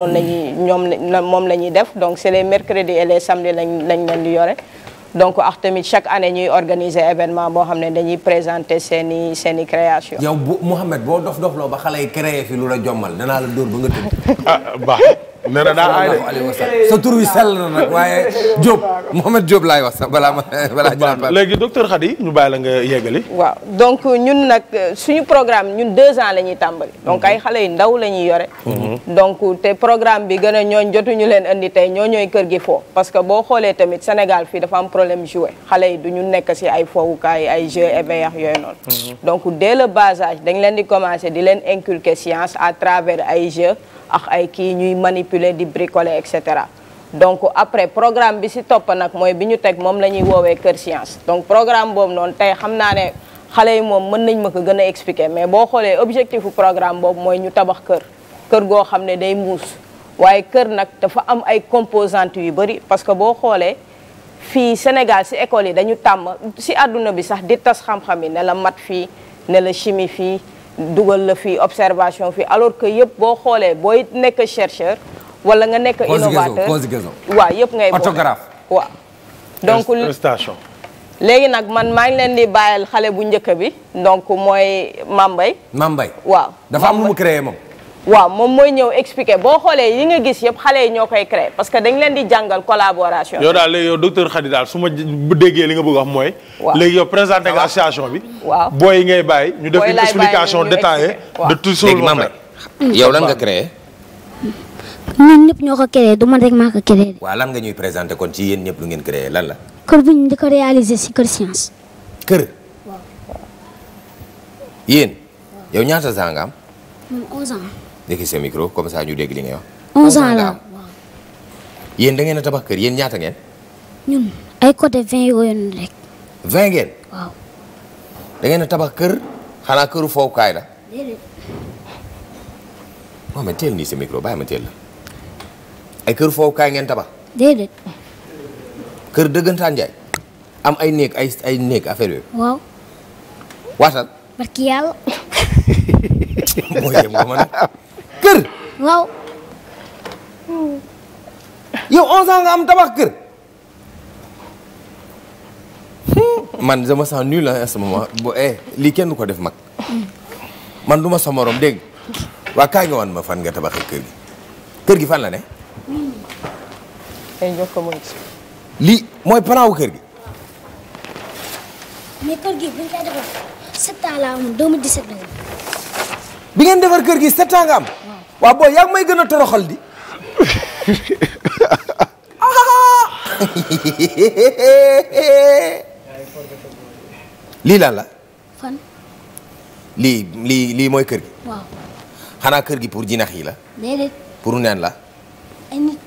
noonu la ñuy ñoom moom la ñuy def donc c'est les mercredis et les samedis lañ lañ leen di yore donc ak tamit chaque année ñuy organiser événement boo xam ne dañuy présenter seen i i création yow bu Mouhamed boo dof dofloo ba xale yi créé fi lu la jommal danaa la dóor ba nga tëdd ah, nee daal daa aay de sa tur wi sell na nag waaye Diop Mohamed Diop laay wax sax balaa ma léegi docteur Khady ñu bàyyi la nga yeggali. waaw donc ñun nag suñu programme ñun deux ans la ñuy tàmbali. donc ay xale yu ndaw la ñuy yore. Mhm. donc te programme bi gën a ñooñ jotuñu leen indi tey ñoo ñooy kër gi foo parce que boo xoolee tamit Sénégal fii dafa am problème jouet xale yi du ñu nekk si ay fowukaay ay jeux éveillés yooyu noonu. Mhm. donc dès basage dañ leen di commencer di leen inculquer science à travers ay jeux. ak ay kii ñuy manipuler di bricoler et cetera donc après programme bi si topp nag mooy bi ñu teg moom la ñuy woowee Kër Science donc programme boobu noonu tey xam naa ne xale yi moom mën nañ ma ko gën a expliquer mais boo xoolee objectif bu programme boobu mooy ñu tabax kër kër goo xam ne day muus waaye kër nag dafa am ay composante yu bëri parce que boo xoolee fii Sénégal si école yi dañu tàmm si àdduna bi sax di tas xam-xam yi ne la mat fii ne la chimi fii dugal la fii observation fii alors que yëpp boo xoolee booy nekk chercheur wala nga nekk innovateur conjugaison waaw yëpp ngay boole orthographe waaw donc station léegi nag man maa ngi leen di bàyyil xale bu njëkk bi donc mooy Mambay Mambay waaw dafa am mu créé moom waaw moom mooy ñëw expliquer boo xoolee yi nga gis yëpp xale yi ñoo koy créer parce que dañ leen di jàngal collaboration. yow daal léegi yow docteur Khady daal su ma déggee li nga bëgg a wax mooy. waaw léegi yow présenté nga association bi. waaw booy yi ngay bàyyi. ñu def une explication détaillée de tout ce que yow lan nga créé. ñun ñëpp ñoo ko créé du man rek maa lan nga ñuy présenté kon ci yéen ñëpp lu ngeen créé lan la. kër bu ñu di ko réalisé si kër science. kër. waaw. yéen. yow ñaata saa nga nekk sa micro comme ça ñu dégg li ngay wax. 11 ans la waaw. da ngeen a tabax kër yen ñaata ngeen. ay côté 20 yooyu rek. 20 ngeen. waaw. da ngeen a tabax kër xanaa këru fowukaay la. déedéet. non mais teel nii sa micro bàyyi teel la ay kër fowukaay ngeen tabax. déedéet. kër dëggantaan Njaay. am ay néeg ay ay néeg affaire yooyu. waaw. waatal. barki yem nga waaw. yow 11 ans nga am tabax kër. Hmm. man je me sens nul à ce moment bu eh, lii kenn du ko def mag. man du ma sa morom dégg waa kaay nga wan ma fan nga tabaxee kër gi kër gi fan la ne. Eh, mooy ci. lii mooy plan wu kër gi. mais kër gi bi ngeen defar kër gi sept ans nga am. waaw booy yaa may gën a toroxal di lii lan la. lii lii lii mooy kër gi. xanaa kër gi pour jinax yi la. déedéet. pour neen la. ay nit.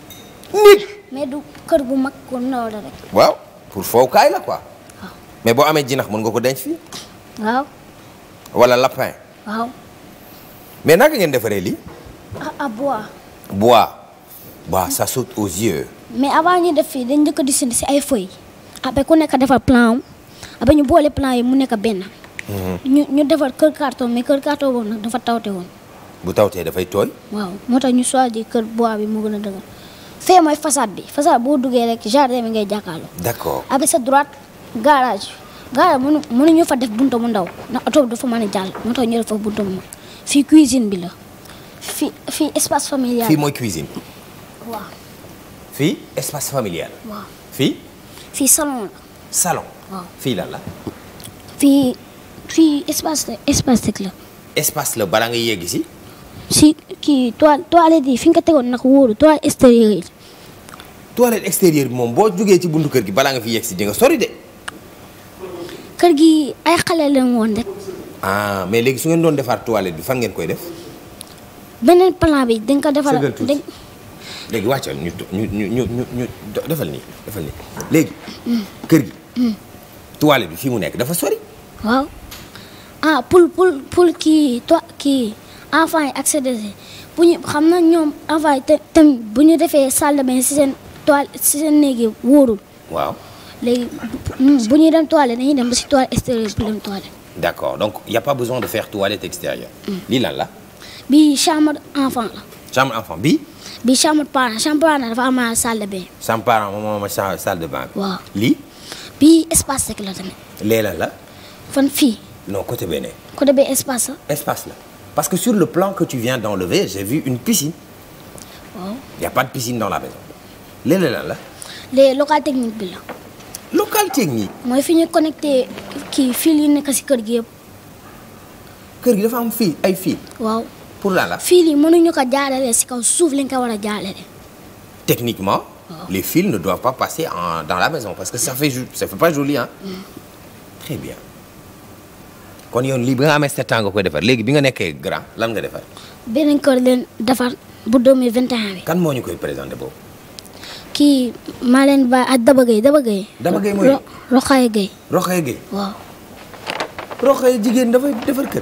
nit. du kër bu mag ku ndaw la rek. la quoi. waaw mais boo amee jinax mën nga ko denc fii. waaw. wala lapin. waaw. mais naka ngeen defaree lii. ah ah bois. bois bois ça saute aux yeux. mais avant ñu def fii dañ njëkk a dessiné si ay feuilles. après ku nekk defar plan am après ñu boole plan yi mu nekk benn. Mhm. ñu ñu defar kër carton mais kër carton boobu nag dafa tawte woon. bu tawtee dafay tooy. waaw moo tax ñu choisir kër bois bi mu gën a dëgër. fee mooy façade bi façade boo duggee rek jardin bi ngay jàkkaarloo. d'accord avec sa droite garage. garage mënu mënuñu fa def buntu mu ndaw ndax oto bi dafa mën a jàll moo tax ñu def fa buntu mu fii cuisine bi la. fii fii espace familial. fii mooy cuisine. waaw. fii espace familial. waaw fii. salon la. salon. waaw fii lan la. fii fii espace espace rek la. espace la balaa nga yegg si. si kii toile toilette yi fi nga tegoon nag wóoru toilette extérieure yi. bi moom boo jógee ci buntu kër gi balaa nga fi yegg si di nga sori de. kër gi ay xale lañ woon rek. Ah, mais léegi su ngeen doon defar toilette bi fan ngeen koy def. beneen plan bi dañ ko defal. dañ léegi wàccal ñu ñu ñu ñu ñu defal nii defal nii léegi. kër gi. Hmm. toile bi fi mu nekk dafa sori. waaw ah pour pour pour kii to kii enfant yi accéder bu ñu xam na ñoom enfant te tam bu ñu defee salle de bain si seen toile si seen néeg yi wóorul. waaw léegi hmm, bu ñuy dem toile dañuy dem ba si toile extérieure bi dem toile. d'accord donc y pas besoin de faire toilette extérieure. Hmm. lii lan la. bii chambre enfant la. chambre enfant bii. bii chambre parent chambre parent dafa am salle de chambre parent moom a salle de bain. waaw lii. bii espace sec la tamit. lee la la. fii. non côté bene. côté bene espace la. espace la parce que sur le plan que tu viens d'enlever j'ai vu une piscine. waaw y a pas de piscine dans la maison. lee la local technique bi local technique. mooy fi ñu connecté kii fil yi nekk ci kër gi yëpp. ay fil. pour lan la. fil yi mënuñu ko jaarale ci kaw suuf lañ ko war a jaarale. techniquement. Oh. les fils ne doivent pas passer en dans la maison parce que ça fait ça pas joli mm. très bien. kon yow lii bi nga amee sept ans nga koy defar léegi bi nga nekkee grand lan nga defar. beneen ko leen defar bu 2021 bi. kan moo ñu koy présenté boobu. kii maa leen ba ak Daba Gueye Daba Gueye. Daba Gueye mooy Roxaye Gueye. Roxaye jigéen defar kër.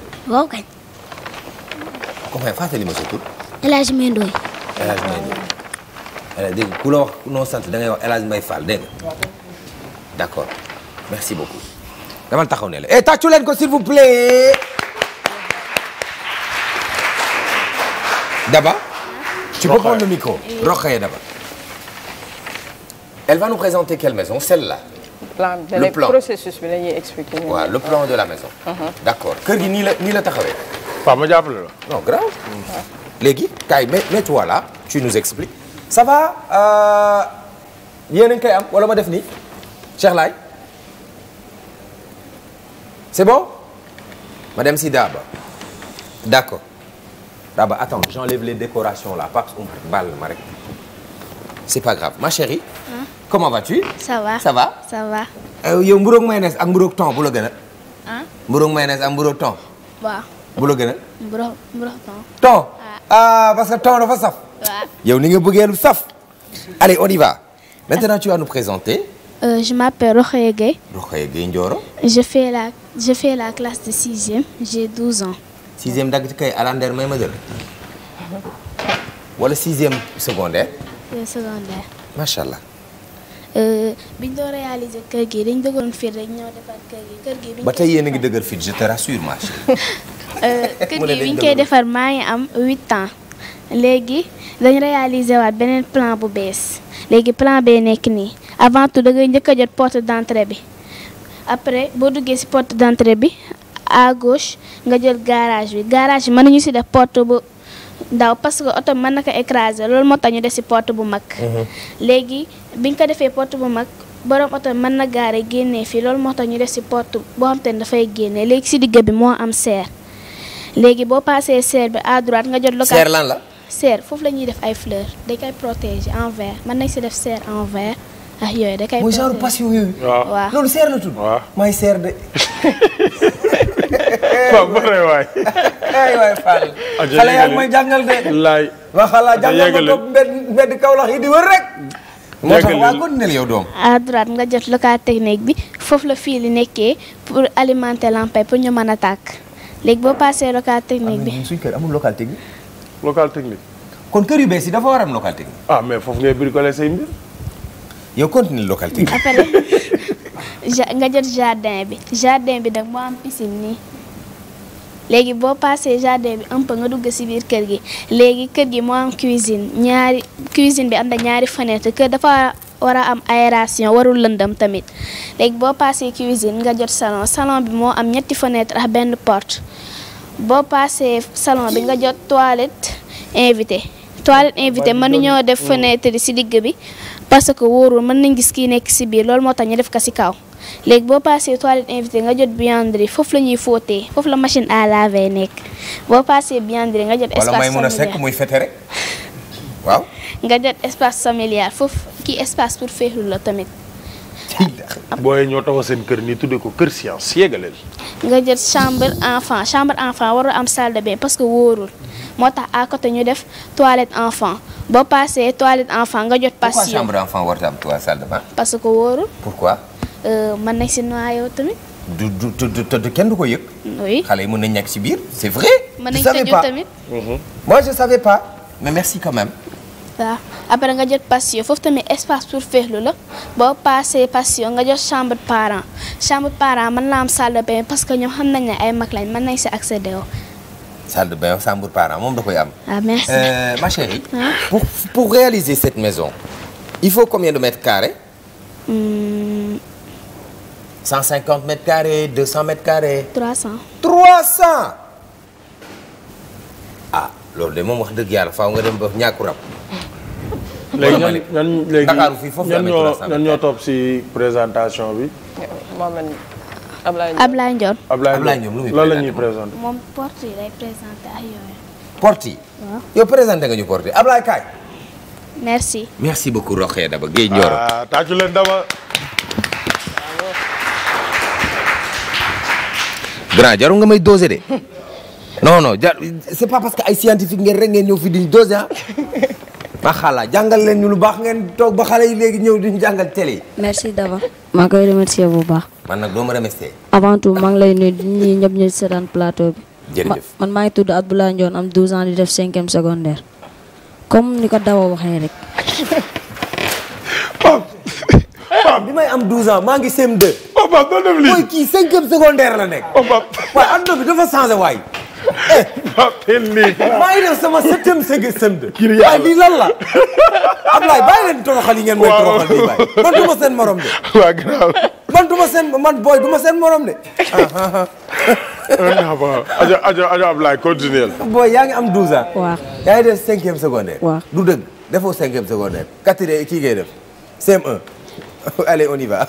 ko fay fàttali ma sa tur. El Hadj Mbaye Ndoye. El Hadj Mbaye Ndoye eh, dégg ku la wax noo sant da ngay wax El Hadj Mbaye Fall dégg nga d'accord merci beaucoup. dama taxaw ne la eh tàccu leen ko s'il vous plaît. Daba. tu peux prendre le micro. Rokhaya Daba. elle va nous présenter quelle maison celle-là. plan de le plan processus bi la ñuy expliqué. waaw le plan de la maison. Uh-huh. d' accord kër gi nii la nii la taxawee. waaw ma jàppale la. non grave. Uh-huh. léegi kay mais mais toi là tu nous expliques. ça va euh, yéen a ngi koy am wala ma def nii Cheikh Laye c'est bon madame Sidaba d'accord Daba attends j'enlève les décorations là parce que baal ma rek c'est pas grave ma chérie. Hein? comment vas-tu. ça va ça va. ça va. Euh, yow mburoog mayonnaise ak mburoog thon bu la gën a. ah mayonnaise ak mburoog thon. waaw gën a. mburoog mburoog thon. thon ah. Ah, parce que thon dafa saf. waaw yow saf. allez on y va maintenant tu vas nous présenter. Euh, je m'appelle Rokhoye Gueye. Rokhoye Gueye Ndioro. je fais la classe de sixième j'ai douze ans. sixième dagg ci kay alandeer may ma jël wala sixième secondaire. Euh, secondaire. macha Euh, biñ doon réaliser kër gi dañ dëgëroon fit rek ñoo defar kër gi kër ngi dëgër fit je te rassure ma chérie. Euh, kër koy defar maa ngi am huit ans léegi dañ réaliser waat beneen plan bu bees léegi plan bee nekk nii avant tout da ngay njëkk a jot porte d'entrée bi après boo duggee ci porte d'entrée bi à gauche nga jël garage bi garage bi mën nañu ci def porte bu. ndaw parce que oto mën na ko écraser loolu moo tax ñu def ci porte bu mag. Mhm. léegi biñ ko defee pot bu mag borom oto mën na gaare génnee fii loolu moo tax ñu def si porte boo xam te dafay génne léegi si digg bi moo am serre léegi boo paasee serre bi à droite nga jot. local lan la. serre foofu la ñuy def ay fleur dañ koy protéger en verre mën nañ si def serre en verre ah yooyu da koy. mooy genre passion yooyu. waaw loolu serre la tudd. waaw mooy serre de. waaw bëre waay. aywaay Fall. xale yaa may jàngal de. wallaay. waxala jàngal ma toog mbedd mbedd Kaolack yi di wër rek. moo tax waa continuer yow doom. nga jot local technique bi foofu la fii li nekkee pour alimenter lampe pour ñu mën a tàkk léegi boo paasee local technique bi. suñu kër amul local technique. local technique. kon kër yu bees dafa war am local technique. ah mais foofu ngay bricoler say mbir. yow continuer local technique. après nga jot jardin bi jardin bi nag moo am piscine nii. léegi boo passé jardin bi un nga dugg ci biir kër gi léegi kër gi moo am cuisine ñaari cuisine bi am na ñaari fenêtre kër dafa war a am aération warul lëndëm tamit léegi boo passé cuisine nga jot salon salon bi moo am ñetti fenêtre a benn porte boo passé salon bi nga jot toilette invité toilette invité mënuñoo def fenêtre yi ci digg bi parce que wóorul mën nañ gis kii nekk si biir loolu moo tax ñu def ko si kaw léegi boo paasee toilette invité nga jot buanderie foofu la ñuy fóotee foofu la machine à laver nekk boo paasee buanderie nga jot. espace familial wala may mun a sekk muy fete rek waaw. foofu kii espace pour féexlu la tamit. booy ñoo taxaw seen kër nii tuddee ko kër science yéegaleel. nga jot chambre enfant chambre enfant warul am salle de bain parce que wóorul. moo tax à côté ñu def toilette enfant boo paasee toilette enfant nga jot. patient pourquoi chambre enfant warut am toilette salle de bain. parce que wóorul. man euh, mën nañ si yow tamit. du du du du kenn du ko yëg. oui xale yi mën nañ nekk si biir c'est vrai. mën nañ tëju tamit mhm. moi je savais pas mais merci quand même. waaw après nga jot patio foofu tamit espace pour lu la boo paasee patio nga jot chambre parent chambre parent mën naa am salle de parce que ñoom xam nañ ne ay mag lañ man nañ si accéder o salle de bain Sambour parent moom da koy am. ah merci euh, ma chérie. Hein? Ah. pour pour réaliser cette maison il faut combien de mètres carrés. Mmh. 150 mètres carrés 200 mètres ah loolu de moom wax dëgg yàlla faaw nga dem ba ñàkku rab. léegi ñan ñan léegi Dakar fii foofu ñoo topp si présentation Ablaye Ndione Ablaye Ndione lan la ñuy présenté. moom porte yi lay présenté ak yooyu. porte nga ñu porte yi Ablaye merci. merci beaucoup Rokhaya Daba Guèye Nioro. ah tàccu leen Daba. grand jarul nga may dosé de non non c'est pas parce que ay scientifique ngeen rek ngeen ñëw fi di dosé ah. macha allah jàngal leen ñu lu baax ngeen toog ba xale yi léegi ñëw duñu jàngal télé yi. merci d'abord. maa koy remercier bu baax. man nag doo ma remercier. avant tout maa ngi lay nuyu ñi ñëpp ñu seetaan plateau bi. jërëjëf man maa ngi tudd Abdoulaye Ndione am 12 ans di def cinquième secondaire comme ni ko Dawa waxee rek. bi may am 12 ans maa ngi CM2. Pape doo def lii mooy kii cinquième secondaire la nekk. Oh, Pape waaye àdduna bi dafa changé waay. Papel lii. maa ngi def sama septième sëg sëmd. kii waaye lii lan la. Ablaye bàyyi leen toroxal yi ngeen may toroxal di bàyyi. man du ma seen morom de. waaw gannaaw. man du ma seen man booy du ma seen morom de. ah waaw ajo ajo ajo Ablaye continué la. yaa ngi am 12 ans. waaw yaa ngi def cinquième secondaire. waaw du dëgg defoo cinquième secondaire. quatre kii ngay def CM1. allez on y va.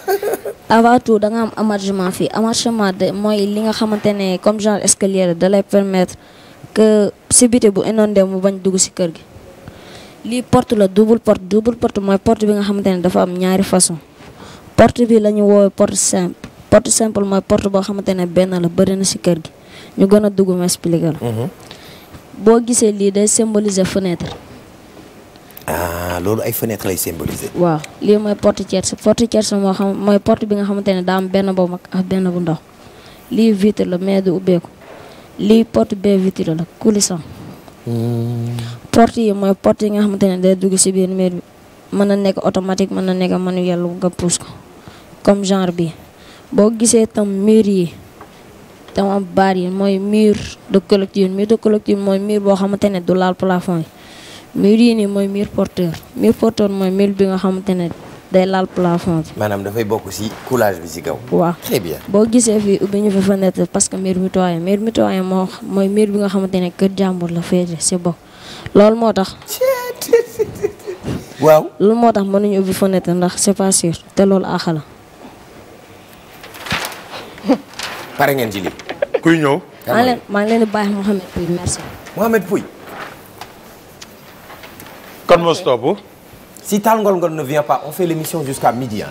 nga am aménagement fii aménagement de mooy li nga xamante ne comme genre escalier da lay permettre que si biti bu inondé mu bañ dugg si kër gi. lii porte la double porte double porte mooy porte bi nga xamante ne dafa am ñaari façon porte bi la ñu woowee porte simple porte simple mooy porte boo xamante ne benn la bëri na si kër gi ñu gën a dugg ma expliqué la. Mm-hmm. boo gisee lii day symboliser fenêtre. ah loolu ay fenêtre lay symboliser. waaw lii mooy porte tierce porte tierce moo xam mooy porte bi nga xamante ne daam benn bu mag ak benn bu ndaw lii vitre la mais du ubbeeku lii porte bee vitre la coulissant. Hmm. porte yi mooy porte yi nga xamante ne day dugg si biir mur bi mën na nekk automatique mën na nekk manuel nga pousse ko comme genre bi boo gisee tam mur yi. tam am baar yi mooy mur de collectif mur de collectif mooy mur boo xamante ne du laal plafond yi. mur yi nii mooy mur porteur mur porteur mooy mur bi nga xamante ne day laal plafond bi. maanaam dafay bokk ci coulage bi si kaw. waaw très boo gisee fii ubbi ñu fi fenêtre parce que mur mitoyen mur mitoyen moo mooy mur bi nga xamante ne kër jàmbur la féete ci bokk loolu moo tax. waaw loolu moo tax mënuñu ubbi fenêtre ndax c'est pas sûr te loolu àq la. pare ngeen ci kuy ñëw. maa leen maa leen di baax Mouhamed merci. kon moo si topp. si Ngol Ngol ne vient pas on fait l'émission jusqu'à midi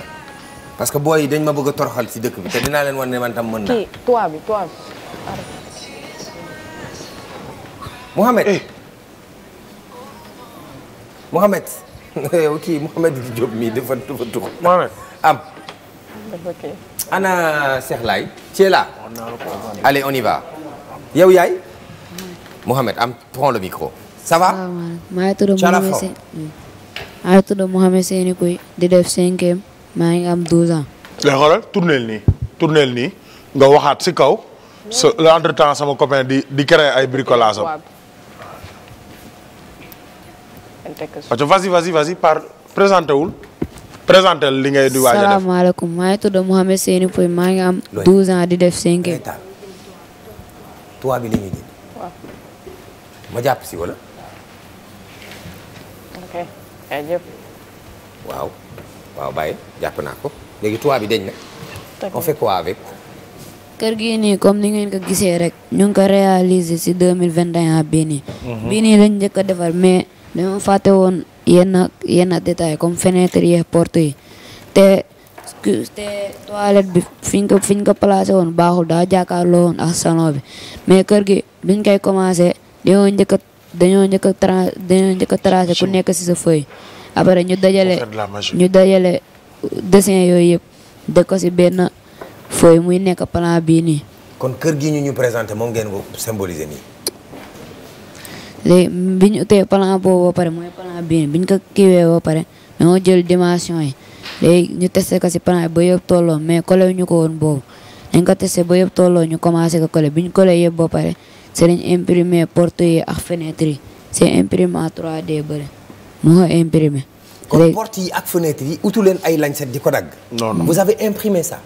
parce que booy yi dañ ma bëgg a toroxal si dëkk bi te dinaa leen wan ne man tam mën naa. kii toit bi toit bi. Mouhamed. Eh. Mouhamed. ana Cheikh Laye. Thiela. on y va. yow yaay. am prends le micro. ça va. waaw maa ngi tudd Mohamed Sène maa ngi tudd koy di def cinquième maa ngi am 12 ans. léegi xoolal tournel nii nga waxaat si kaw. so entre temps sama copain di di créer ay bricolage am. parce que vas par présenté wul. présenté li ngay di waaj a def salaamaaleykum maa ngi tudd Mohamed di def 5 jàpp si jaajëf waaw waaw Baye jàpp naa ko léegi tubaab bi dañ na. on fait quoi avec. kër gii nii comme ni ngeen ko gisee rek ñu ngi ko réaliser ci deux mille vingt et un bii nii. Mhm. bii nii njëkk defar mais dañoo fàtte woon yenn yenn détail comme fenêtre yi yi te te toilette bi fiñ ko fiñ ko woon baaxul daa jàkkaarloo woon ak salon bi mais kër gi biñ koy commencé dañoo njëkk dañoo njëkk a tra dañoo njëkk a tracé ku nekk si sa feuille après ñu dajale ñu dajale dessin yooyu yëpp de ko ci benn feuille muy nekk plan bii nii. kon kër gi ñu ñu présenté moom ngeen ko symboliser nii. léegi bi ñu utee plan boobu ba mooy plan bii bi ñu ko kiiwee ba pare dañoo jël dimension yi ñu testé ko ci plan ba yëpp tolloo mais collé ñu ko woon boobu dañ ko testé ba yëpp tolloo ñu commencé ko collé bi ñu collé yëpp ba pare. si lañ imprimer porte yi ak fenêtre yi c' est imprimé en 3D bëri moo imprimé. kon porte yi ak fenêtre yi utu leen ay lañset di ko dagg. non non vous avez imprimé ça.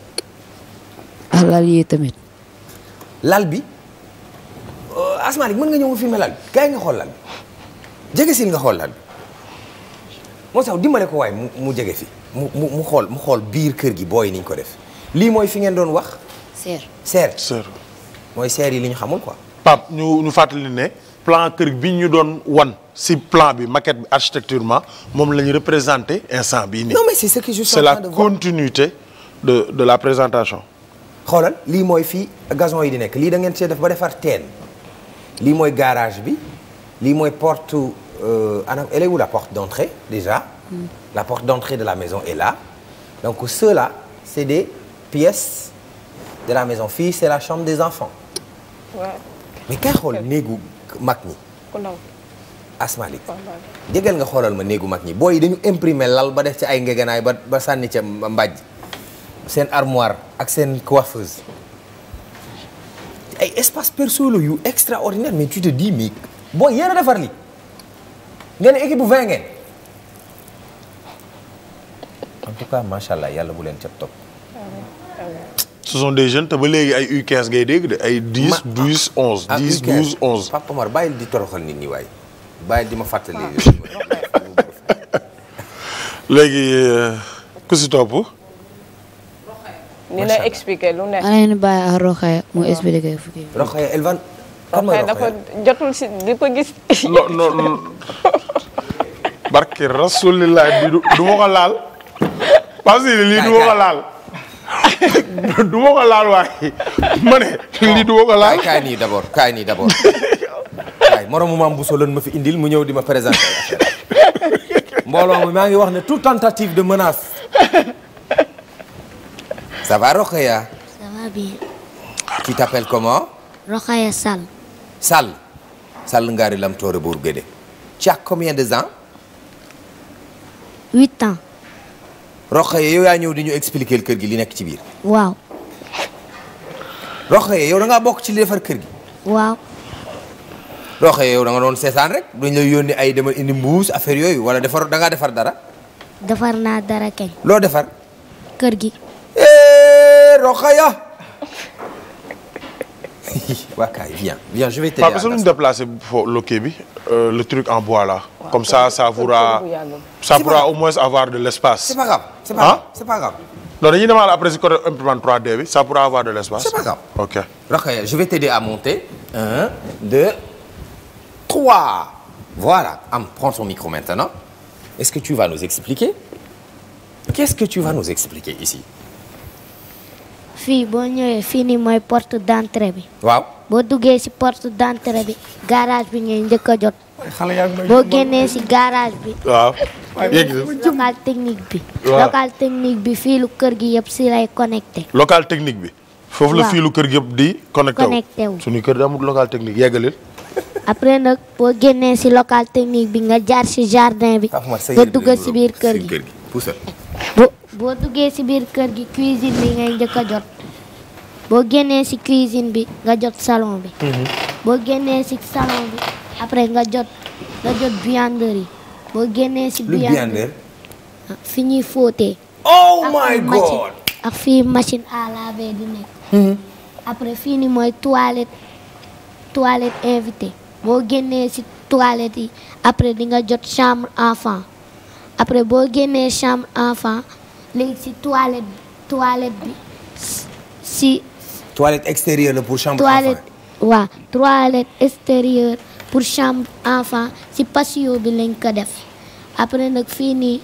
ak ah, lal yi tamit. lal bi euh, Asmalik mën nga ñëw filmer lal bi gars yi nga xool lal bi jege si nga xool lal bi moo sax dimbale ko waaye mu mu jege fi mu mu mu xool mu xool biir kër gi booy niñ ko def lii mooy fi ngeen doon wax. seer seer. mooy seer yi li ñu xamul quoi. Pape ñu ñu fàttali ne plan kër bi ñu doon wan si plan bi maquette bi architecturement moom la ñu représenté instant bii ni non mais c'est ce que je suis de la continuité de la présentation. xoolal lii mooy fii gazon yi di nekk lii da ngeen see def ba defar lii mooy garage bi lii mooy porte euh, ana elle est où la porte d'entrée déjà. Mm. la porte d'entrée de la maison est là donc ceux-là c'est des pièces de la maison fii c'est la chambre des enfants. waaw. mais kay xool néegu mag ñi. ku ndaw asmaalik nga xoolal ma néegu mag ñi booy yi dañu imprimer lal ba def ci ay ngeganaay ba ba sànni ca mbàjj seen armoire ak seen coiffeuse ay espace perso la yu extraordinaire mais tu te dis mais booy yéen a defar li ngeen équipe bu vingt ngeen en tout cas macha allah yàlla bu leen ca ce sont des jeunes te ba léegi ay U15 ngay dégg de ay. 10 12 11. 10 12 11 Papa Omar bàyyil di toroxal nit ñi waay bàyyil ah. léegi euh, ku si ni la expliqué lu nekk. ana ñu bàyyi ak di ko gis. non non barke rasulilah du ma ko laal. parce que lii du ma ko laal. du ma ko laal waaye ma ne. lii du ma laal kaay nii d'abord kaay nii d'abord waaye moromu lan ma fi indil mu ñëw di ma présenter mbooloo mi maa ngi wax ne toute tentative de menace. ça va Rokhaya. ça va bien. tu comment. Rokhaya Sall. Sall. Sall Ngari Lam Toure Bourguédé. tu as de ans. huit ans. Roqaye yow yaa ñëw di ñu expliquer kër gi li nekk ci biir. waaw. yee yow da ngaa bokk ci li defar kër gi. waaw. Roqaye yow da nga doon seesaan rek duñ lay yónni ay demal indi mbuus affaire yooyu wala defar da ngaa defar dara. defar naa dara kañ. loo defar. kër gi. Eh, Roqaya. waa kay bien bien je vais t'aider. Papa, suñu déplacer fo loquet bi euh, le truc en bois là. Ouais, comme ça ça pourra ça pourra au moins avoir de l'espace. c'est pas grave c'est pas grave c'est pas grave. non dañuy demaale après si côté imprimante 3D bi ça pourra avoir de l'espace. c'est pas grave ok. Rokhaya je vais t'aider à monter. un deux trois. voilà am prends ton micro maintenant. est-ce que tu vas nous expliquer. qu'est-ce que tu vas nous expliquer ici. fii boo ñëwee fii nii mooy porte d'entrée bi. waaw boo duggee si porte d'entrée bi garage bi ngay njëkk a jot. boo génnee si garage bi. waaw. local technique bi. local technique bi fii lu kër gi yëpp si lay connecté. local technique bi. foofu la fii lu kër gi yëpp di. connecté wu suñu kër da amul local technique yeggalil. après nag boo génnee si local technique bi nga jaar si jardin bi. ba dugg ci biir kër gi. boo tuggee ci biir kër gi cuisine bi ngay njëkk a jot boo génnee ci cuisine bi nga jot salon bi mhm. boo génnee ci salon bi après nga jot nga jot yi boo génnee ci buanderie ah, fi ñuy fóotee oh ak fii machine à laver di nekk mhm. après fii ni mooy toilette toilette invité boo génnee ci toilette yi après di nga jot chambre enfant après boo génnee chambre enfant léegi si toilette toilette bi si. toilette extérieure la pour chambre toilette, enfant. waaw toilette extérieure pour chambre enfant si patio bi lañ ko def après nag fii nii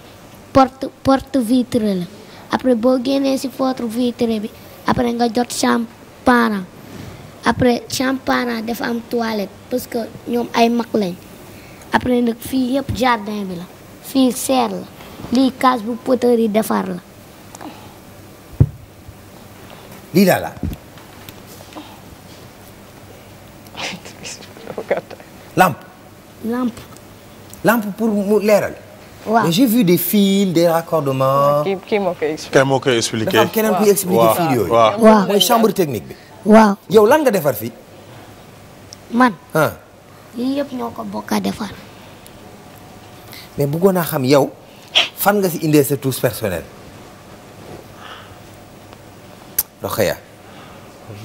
porte vitre la après boo génnee si porte vitre bi après nga jot chambre parent après chambre parent dafa am toilette parce que ñoom ay mag lañ après nag fii yëpp jardin bi la fii serre la. lii kaas bu poteur yi defar la. lii daal la. lampe. lampe. lampe pour mu leeral. waaw mais j'ai vu des fils des raccordements. kii moo koy expliqué. kii moo koy keneen kuy expliqué chambre technique bi. waaw yow lan nga defar fii. man. ah. yii yëpp ñoo ko bokk defar. mais bëggoon naa xam yow. fan nga si indee sa touche personnelle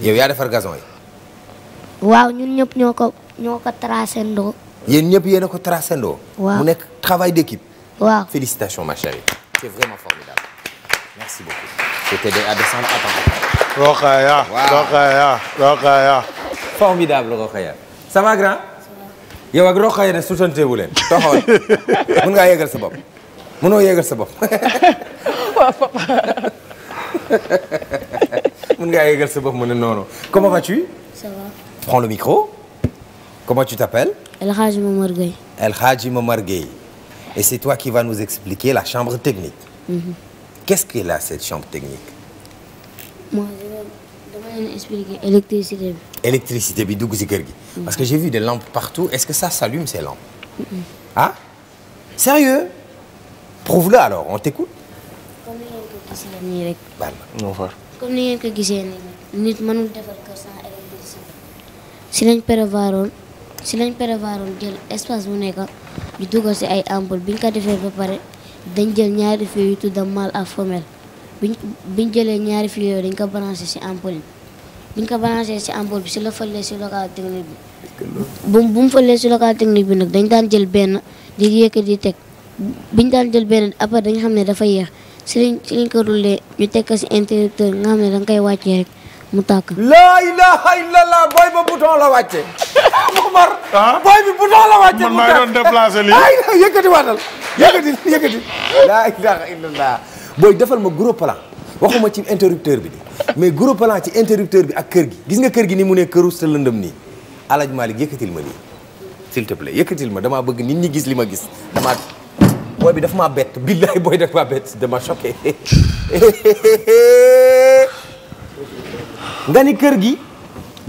yow yaa defar gazon yi waaw ñun ñëpp ñoo ko ñoo ko tracé ndoo yéen ñëpp yéen ko tracé ndoo mu nekk travail d'équipe waaw félicitations ma chérie c'est vraiment formidable merci beaucoup je t'aide à descendre à temps Rokhaya Rokhaya Rokhaya formidable yow ak Rokhaya ne sutante wu leen toxawal mën ngaa yëgal sa bopp mënoo yéegal sa bopp. waaw papa. mën ngaa yéegal sa bopp mu ne noonu. comment vas-tu? ça va. prends le micro. comment tu t'appelles? El Hadji Momar Gueye. El Hadji Momar Gueye. et c'est toi qui vas nous expliquer la chambre technique. Mm -hmm. qu'est-ce qu'elle a cette chambre technique? moi dama leen expliquer électricité bi. électricité bi dugg ci kër gi. Mhm. parce que j'ai vu des lampes partout est-ce que ça s'allume ces lampes? Mm -hmm. ah sérieux prouve-le alors on t'écoute. comme ni ngeen ko gisee nii rek. baal ma non ngeen ko gisee nii nit mënul defar kër sans électricité. si lañ prévoiroon si lañ prévoiroon jël espace bu nekk ñu dugal si ay ampoule biñ ko defee ba pare dañ jël ñaari fil yu tudd mâle ak femelle biñ ñu jëlee ñaari fil dañ ko branché si ampoule bi. biñ ko branché si ampoule bi si la fëlee si local technique bi. bu bu fëlee si local technique bi nag dañ daan jël benn di yëkk di teg. biñ daan jël beneen après dañ xam ne dafa yeex si lañ si lañ ko roulee ñu teg ko si interrupteur nga xam ne da nga koy wàccee rek mu tàkk. laa ilaha illallah booy la ah? la wàcce. man maa ngi doon déplacé lii ay yëkkati waatal yëkkati yëkkati. laa ilaha illallah booy defal ma gros plan waxuma ci interrupteur bi de mais gros plan ci interrupteur bi ak kër gi gis nga kër gi ni mu ne këru sa lëndëm nii Alaaji Malick yëkkatil ma lii s'il te plaît yëkkatil ma damaa bëgg nit ñi gis li ma gis damaa. booy bi daf maa bett billaay booy daf maa bett dama choqué nga ni kër gi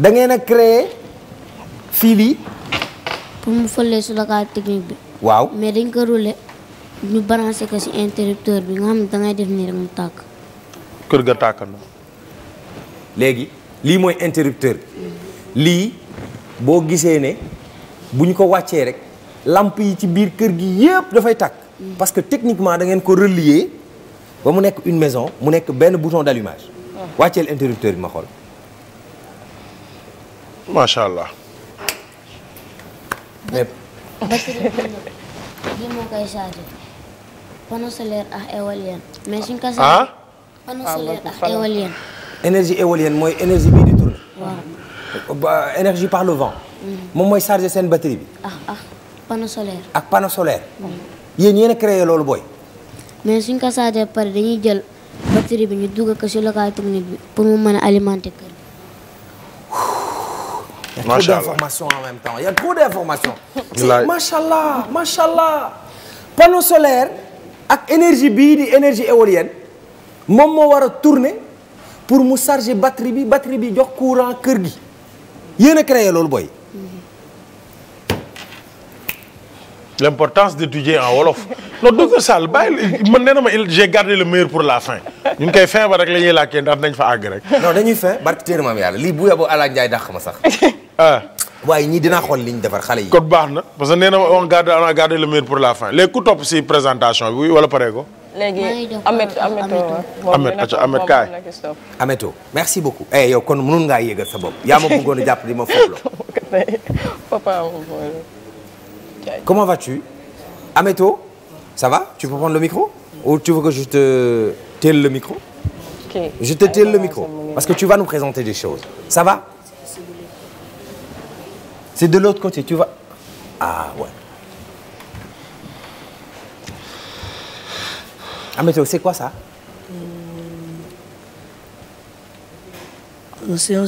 da ngeen a créé fii lii. pour mu fële su la kaa bi. waaw mais dañ ko roulé ñu branché ko si interrupteur bi nga xam ne def nii rek mu tàkk. kër ga tàkk na. léegi lii mooy interrupteur lii boo gisee ne bu ñu ko wàccee rek làmp yi ci biir kër gi yépp dafay tàkk. parce que techniquement da ngeen ko relier ba mu nekk une maison mu nekk benn bouton d'allumage. Ah. wàcceel interrupteur bi ma xool. macha allah. lépp. lii moo koy chargé panneau solaire ak éolienne. mais suñ ko. ah panneau solaire ah, ak éolienne. énergie éolienne mooy énergie bii di tourner. waaw. par le vent. Mm-hmm. moom mooy chargé seen batterie bi. ah ah panneau solaire. ak panneau solaire. Mm-hmm. yéen yéen a créé loolu booy. mais suñ ko saatee pare dañuy jël batterie bi ñu dugg ko si local technique bi pour mu mën a alimenter kër gi. macha allah y a trop d'informations en macha allah macha allah panneau solaire ak énergie bii di énergie éolienne moom moo war a tourner pour mu charger batterie bi batterie bi jox courant kër gi yéen a créé loolu booy. l'importance d'étudier en wolof non docteur Sall bàyyi man nee na ma j'ai gardé le meilleur pour la fin ñun koy fin ba rek la ñuy laajtee ndax nañ fa àgg rek. non dañuy fin barki téere maam yàlla lii bu yaboo Alaaji Njaay dàq ma sax. ah. waaye ñii dinaa xool li ñu defar xale yi. kon baax na pare que nee na ma on garde on a gardé le meilleur pour la fin léegi ku topp si présentation bi wala pare ko. léegi Amet Ameto Amet Kaay Ameto merci beaucoup. eh yow kon mënoon ngaa yëgal sa bopp yaa ma bëggoon jàpp di ma fob Ndiaye. comment vas-tu Ameto ça va tu peux prendre le micro ou tu veux que je te telle le micro. ok je te telle le micro parce que tu vas nous présenter des choses ça va. c'est de l'autre côté tu vas ah ouais. Ameto c'est quoi ça. Hum... Euh, c'est un...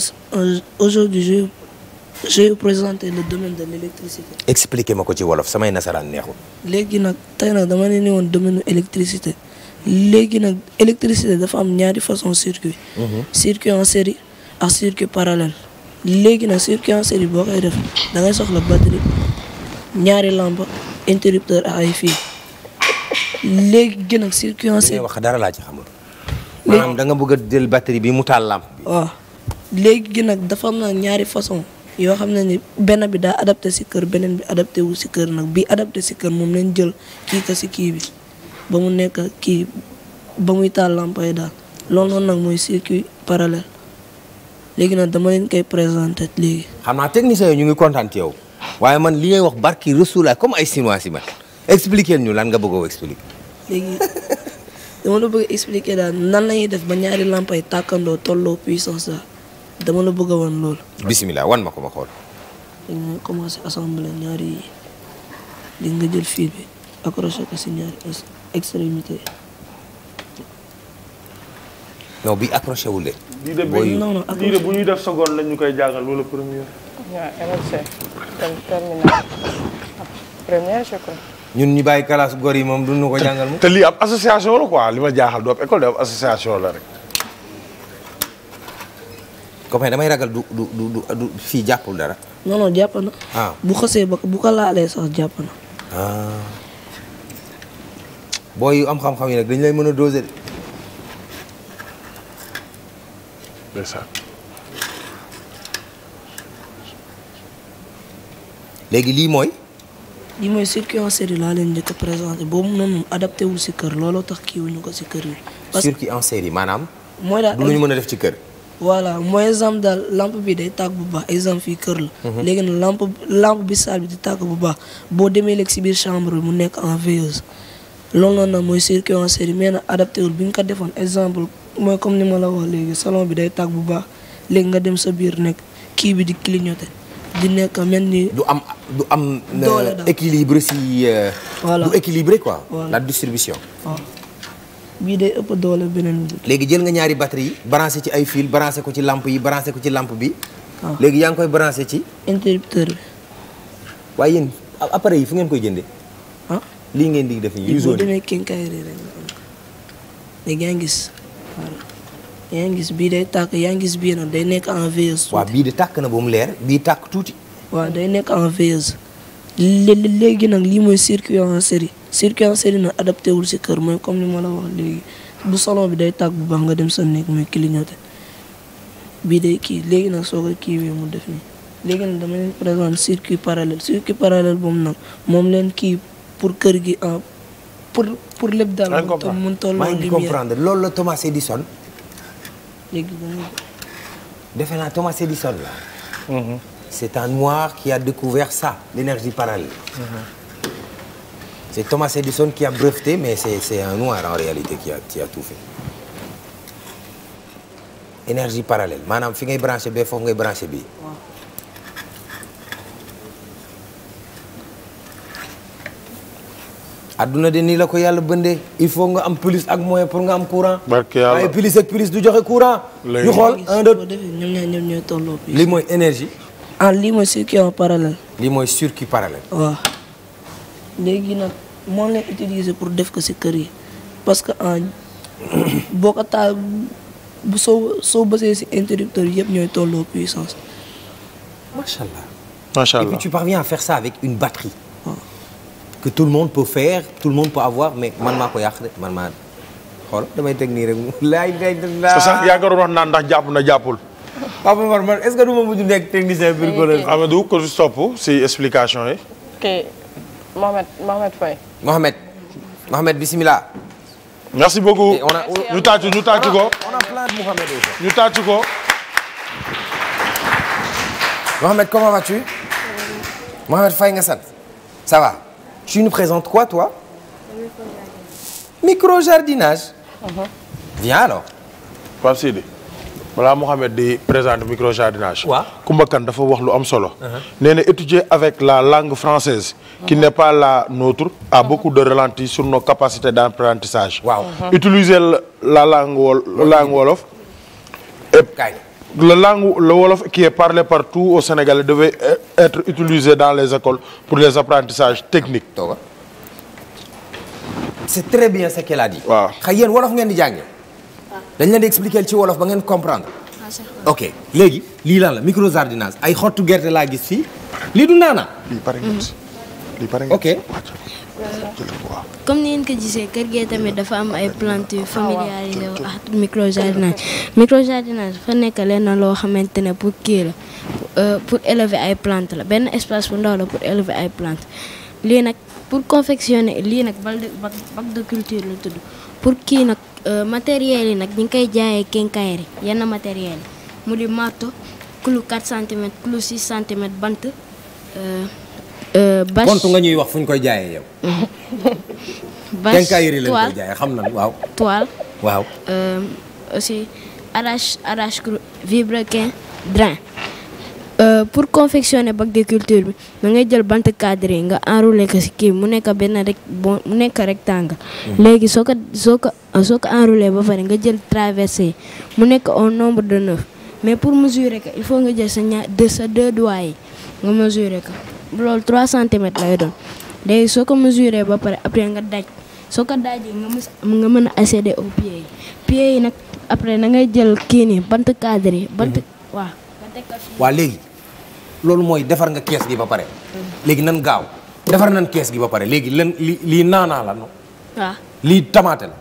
aujourd'hui je j'ai présenté le domaine de l'électricité. expliqué ma ko ci wolof samay nasaraan neexul. léegi nag tey nag dama ne ni woon domaine électricité léegi nag électricité dafa am ñaari façon circuit. Mhm. circuit en série ak circuit parallèle. léegi nag circuit en série boo koy def da soxla batterie ñaari lampe interrupteur ak ay fil léegi nag circuit en série. wax dara laa ci xamul. maanaam da nga bëgg a jël batterie bi mu taal lampe. waaw léegi nag dafa am na ñaari façon. yoo xam ne ni benn bi daa adapté si kër beneen bi adapté wu si kër nag bi adapté si kër moom leen jël kii ko si kii bi ba mu nekk kii ba muy taal lampa yi daal loolu noonu nag mooy circuit parallèle léegi nag dama leen koy présenté léegi. xam naa techniciens yi ñu ngi kontaan ci yow waaye man li ñuy wax barki Rasulullah comme ay chinois si man expliquer ñu lan nga bëgg a expliquer. léegi la bëgg expliquer daal nan la ñuy def ba ñaari lampa yi tàkkandoo tolloo puissance daal. dama la bëgg a wan loolu. bisimilah wan ma ko ma xool. dañoo nga jël fil bi accroché ko si ñaari extrémité noo bi accroché de. booy non bu ñuy def seconde lañ ñu koy jàngal wala première. waaw RLC terminal première je crois. ñun ñu bàyyi classe gor yi moom duñu ko jàngal moom. te ab association la quoi li ma jaaxal du ab école de ab association la rek. comme damay ragal du du du du fii jàppul dara. non jàpp na. waaw ah. bu xasee ba bu ko laalee sax jàpp na. Ah. am xam-xam yi dañ lay mën a doser. léegi lii mooy. lii mooy circuit en série laa leen njëkk a présenté boobu noonu adapté wul si kër looloo tax kiiwuñu ko si kër yi. parce que circuit en série maanaam. mooy daal du lu ñu mën a def ci kër. voilà mooy exemple daal lampe bi day tàkk bu baax exemple fii kër la. Mhm. léegi nag lampe lampe bi salle bi bu baax boo demee léegi si biir chambre mu nekk en veilleuse loolu noonu nag mooy circuit en série mais nag adapté bi ñu ko defoon exemple mooy comme ni ma la wax léegi salon bi day tàkk bu baax léegi nga dem sa biir nekk kii bi di clignoter di nekk mel ni. du am du am. Euh, équilibre si. Euh, voilà du équilibré quoi. la distribution. bii day ëpp doole beneen bi. léegi jël nga ñaari batterie yi branché ci ay fil branché ko ci lamp yi branché ko ci lamp bi. waaw ah. léegi yaa ngi koy branché ci. interrupteur bi. waaye yéen appareil yi fu ngeen koy jëndee. ah lii ngeen di def nii. yu zone yi bu demee Kénkaayeree rek nga am léegi yaa ngi gis voilà yaa ngi gis bii day tàkk yaa ngi gis bii nag day nekk en veilleuse. waaw bii de tàkk na ba mu leer bii tàkk tuuti. waaw day nekk en veilleuse. léegi nag lii mooy circuit en série. circuit dina adapté wul si kër mooy comme li ma la wax léegi bu salon bi day tàgg bu baax nga dem sa néeg kili clignoté bii day kii léegi nag soo ko kii wee mu def nii léegi nag dama leen présente circuit parallèle circuit parallèle boobu nag moom leen kii pour kër gi pour pour lépp daal. mun toll maa ngi comprendre loolu la Thomas Edison. léegi defe naa Thomas Edison la. Mm-hmm. c'est un noir qui a découvert ça l'énergie parallèle. Mm-hmm. C'est Thomas Edison qui a breveté, mais c'est un noir en réalité qui a, qui a tout fait. Énergie parallèle maanaam fi ngay branché bee foofu ngay branché bii. adduna de nii la ko yàlla bëndee il faut nga am plus ak moyen pour nga am courant. barke yàlla waaye plus ak plus du joxe courant. ñu xool un deux lii mooy énergie. ah lii mooy circuit en parallèle. lii mooy circuit parallèle. waaw léegi moom lañ utiliser pour def ko ci kër yi parce que en boo ko taal bu soo soo basee ci interrupteur yëpp ñooy tolloo puissance. macha allah. macha allah et puis tu parviens à faire ça avec une batterie. Ah. que tout le monde peut faire tout le monde peut avoir mais man maa ko yàq de man maa xool damay teg m rek. laay dégg naa sax yaa ngi wax naan ndax jàpp na jàppul. Papa Omar man est-ce que du ma mujj nekk technicien. ok virgule. Amadou ko topp Mohamed Mohamed Faye. Mohamed Mohamed bisimilah. merci a ñu tàccu ko. on a plein de Mohamed comment vas-tu? Mohamed Faye nga sant. tu nous présentes quoi toi? micro jardinage. Mhm. viens alors. Pape Sidi. balaa Mouhamed di présenter micro jardinage. waaw Koumba Kane dafa wax lu am solo. Uh-huh. nee étudier avec la langue française. qui uh-huh. n'est pas la nôtre. a uh-huh. beaucoup de ralenti sur nos capacités d'apprentissage. waaw utiliser la langue langue wolof. la langue le wolof qui est parlé partout au Sénégal devait e-, être utilisé dans les écoles pour les apprentissages techniques. c'est très bien ce qu'elle a dit. waaw wolof ngeen di jàngee. dañ leen di expliquer ci wolof ba ngeen comprendre. ok léegi lii lan la microjardinage ay xottu gerte laa gis fii lii du naana. lii mhm. euh, comme ni ngeen ko gisee kër gee tamit dafa am ay plant yu plantes ah, familiales ak microjardinage microjardinage dafa nekk lenn loo xamante ne pour kii la euh, pour élever ay plantes la benn espace bu ndaw la pour élever ay plantes lii nag pour confectionner lii nag bac de culture la tudd pour kii nag. Euh, matériels yi nag ñu ngi koy jaayee quincaillerie yenn matériels yi mu di marteau clou 4 centimètres clou 6 centimètres bant. Euh, euh, bâche kontu nga ñuy wax fu ñu koy jaayee yow. bâche quincaillerie lañ koy jaayee xam nañ waaw. toile waaw. aussi arrache arrache vibre quin drain. Euh, pour confectionner bac de culture bi da ngay jël bant cadre yi nga enroulé ko si kii mu nekk benn rek bon mu nekk rectangle. Mhm. léegi soo ko soo ko soo ko ba pare nga jël traversé mu nekk au nombre de neuf mais pour mesurer ko il faut nga jël sa ñaar de sa deux doigts yi nga mesurer ko loolu trois centimètres lay doon léegi soo ko mesuré ba pare après nga daj soo ko dajee nga mës nga mën a accéder au pie yi pied yi nag après na ngay jël kii nii bant cadre yi bant mhm. waaw nga léegi loolu mooy defar nga kees gi ba pare. léegi nan gaaw defar nan kees gi ba pare léegi lan lii naanaa la no waaw lii tamaate la.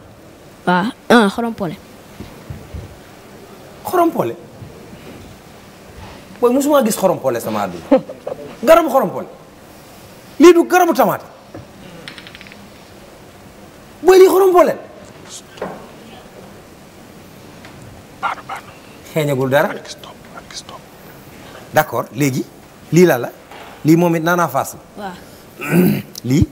waaw ah xorompole. xorompole booy mosuma gis xorompole sama àdduna garabu xorompole lii du garabu tamaate booy lii xorompole la. xeeñagul dara. d'accord léegi lii la la lii moom it naanaa faas la. waaw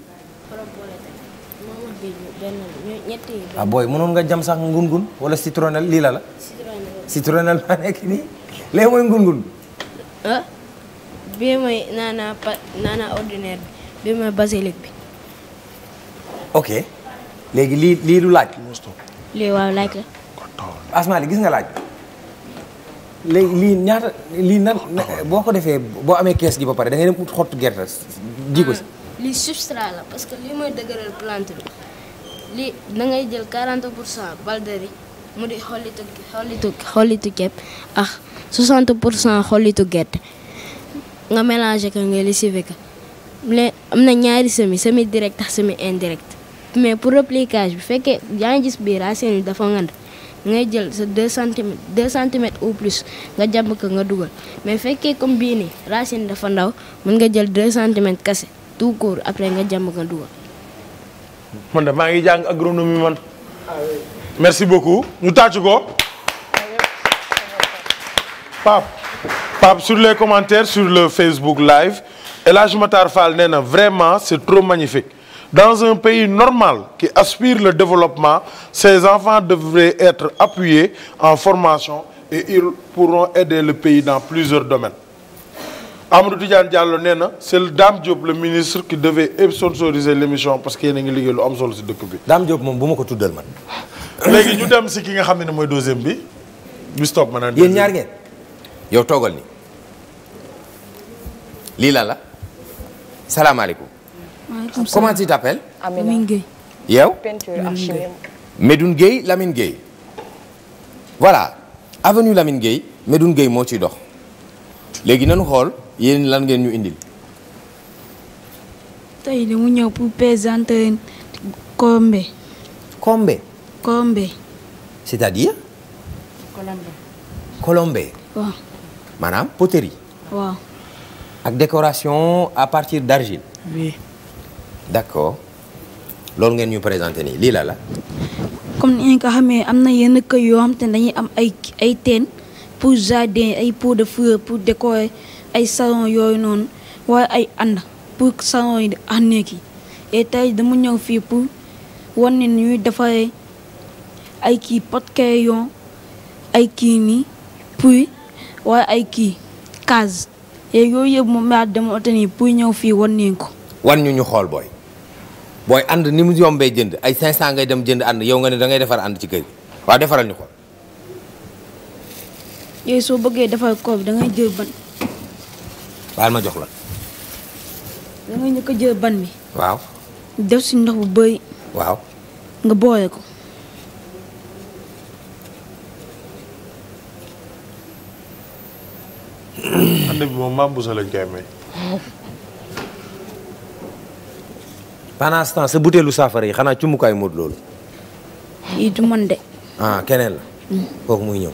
ah booy mënoon nga jam sax ngun-ngun wala citronnelle lii la la. citronnelle maa nekk nii léegi mooy ngun-ngun. ah mooy naanaa pa naanaa ordinaire bi bii mooy basilic bi. ok léegi lii lii laaj. lii waaw laaj la. asmaa li gis nga laaj léegi lii ñaata lii nan boo ko defee boo amee kees gi ba pare da ngay dem ut xottu gerte ji ko si. Ah, lii substrat la parce que lii mooy dëgëral plante bi lii da ngay jël 40 pour cent baldari mu di xollitu xollitu xollitu kepp ak 60 pour cent xollitu gerte nga melange ko nga lessivé ko mais am na ñaari semis semis direct ak semis indirect mais pour repliquage bi fekkee yaa ngi gis biir racine yi dafa ngand ngay jël sa 2 centimètres 2 centimètres au plus nga jàmb ko nga dugal mais fekkee comme bii nii racine dafa ndaw mën nga jël 2 centimètres kese tout court après nga jàmb nga dugal. man de maa ngi jàng agronomie man. merci beaucoup ñu tàcc ko. Pape Pape sur les commentaires sur le Facebook live El Hadj Matar Fall nee na vraiment c'est trop magnifique. Dans un pays normal qui aspire le développement, ces enfants devraient être appuyés en formation et ils pourront aider le pays dans plusieurs domaines. Amadou Tidiane Diallo nee na c'est Dame Diop le ministre qui devait sponsoriser l'émission parce que yéen a ngi liggéey lu am solo si dëkk bi. Dame Diop moom bu ma ko tuddal man. léegi ñu dem si ki nga xam ne mooy deuxième bi. bis toog ma naan yéen ñaar ngeen. yow toogal ni lii laa la salaamaaleykum. comment tu t'appelles Lamine Gueye yow peinture ak chimie Medoune Gueye voilà avenue Lamine Gueye Medoune Gueye moo ciy dox léegi nañu xool yéen lan ngeen ñu indil tey damu ñëw pour présenter Kombe Kombe à Colombe Colombe waaw ak décoration à partir d'argile d'accord loolu ngeen ñu présenté nii lii la la. comme ni nga ko xamee am na yenn kër yoo xam te ne dañuy am ay ay teen pour jardin ay pour de fleur pour décorer ay salon yooyu noonu waaye ay ànd pour salon yi ànd nekki et tey dama ñëw fii pour wan ne ñuy defaree ay kii pot crayon ay kii nii puis waaye ay kii case et yooyu yëpp moom laa dem ote nii pour ñëw fii wan nañ ko. wan ñu ñu xool booy. booy ànd ni mu yombee jënd ay 500 ngay dem jënd ànd yow nga ne dangay defar ànd ci kër gi waaw defaral ñu ko. yooyu soo bëggee defar koo bi da jël ban. baal ma jox la. da ngay ñëkk jël ban bi. waaw. def si ndox bu bëri. waaw. nga boole ko. ànd bi moom maam Boussa lañ koy amee. pendant ce temps sa butéelu saafara yi xanaa cumukaay Modou loolu. yii du man de. ah keneen la. Mm. kooku muy ñëw.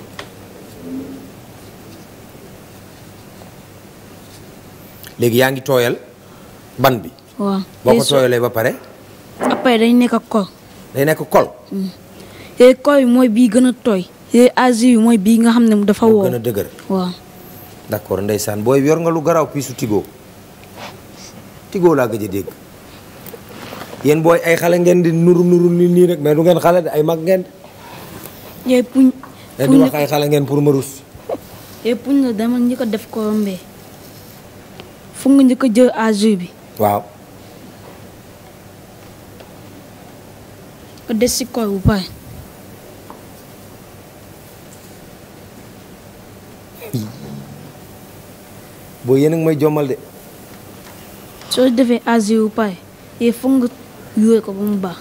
léegi yaa ngi tooyal ban bi. waaw boo ko tooyalee ba pare. après dañ nekk kol. day nekk kol. Mm. yooyu mooy bii gën a tooy. yooyu asi yi mooy bii nga xam ne dafa woo. gën a dëgër waaw. d' accord ndeysaan yor nga lu garaaw piisu tigo tigo laa gëj a dégg. yéen booy ay xale ngeen di nuru nuru nii nii rek mais du ngeen xale de ay mag ngeen. yooyu puñ. puñ di wax ay xale ngeen pour ma rus. yooyu puñ la dama ñu ko def Korombé. fu nga ñu ko jël à jus bi. waaw. des si koor boo yéen a ngi may jommal de. soo defee à wu bu pare yéen fu yooyu ko ba mu baax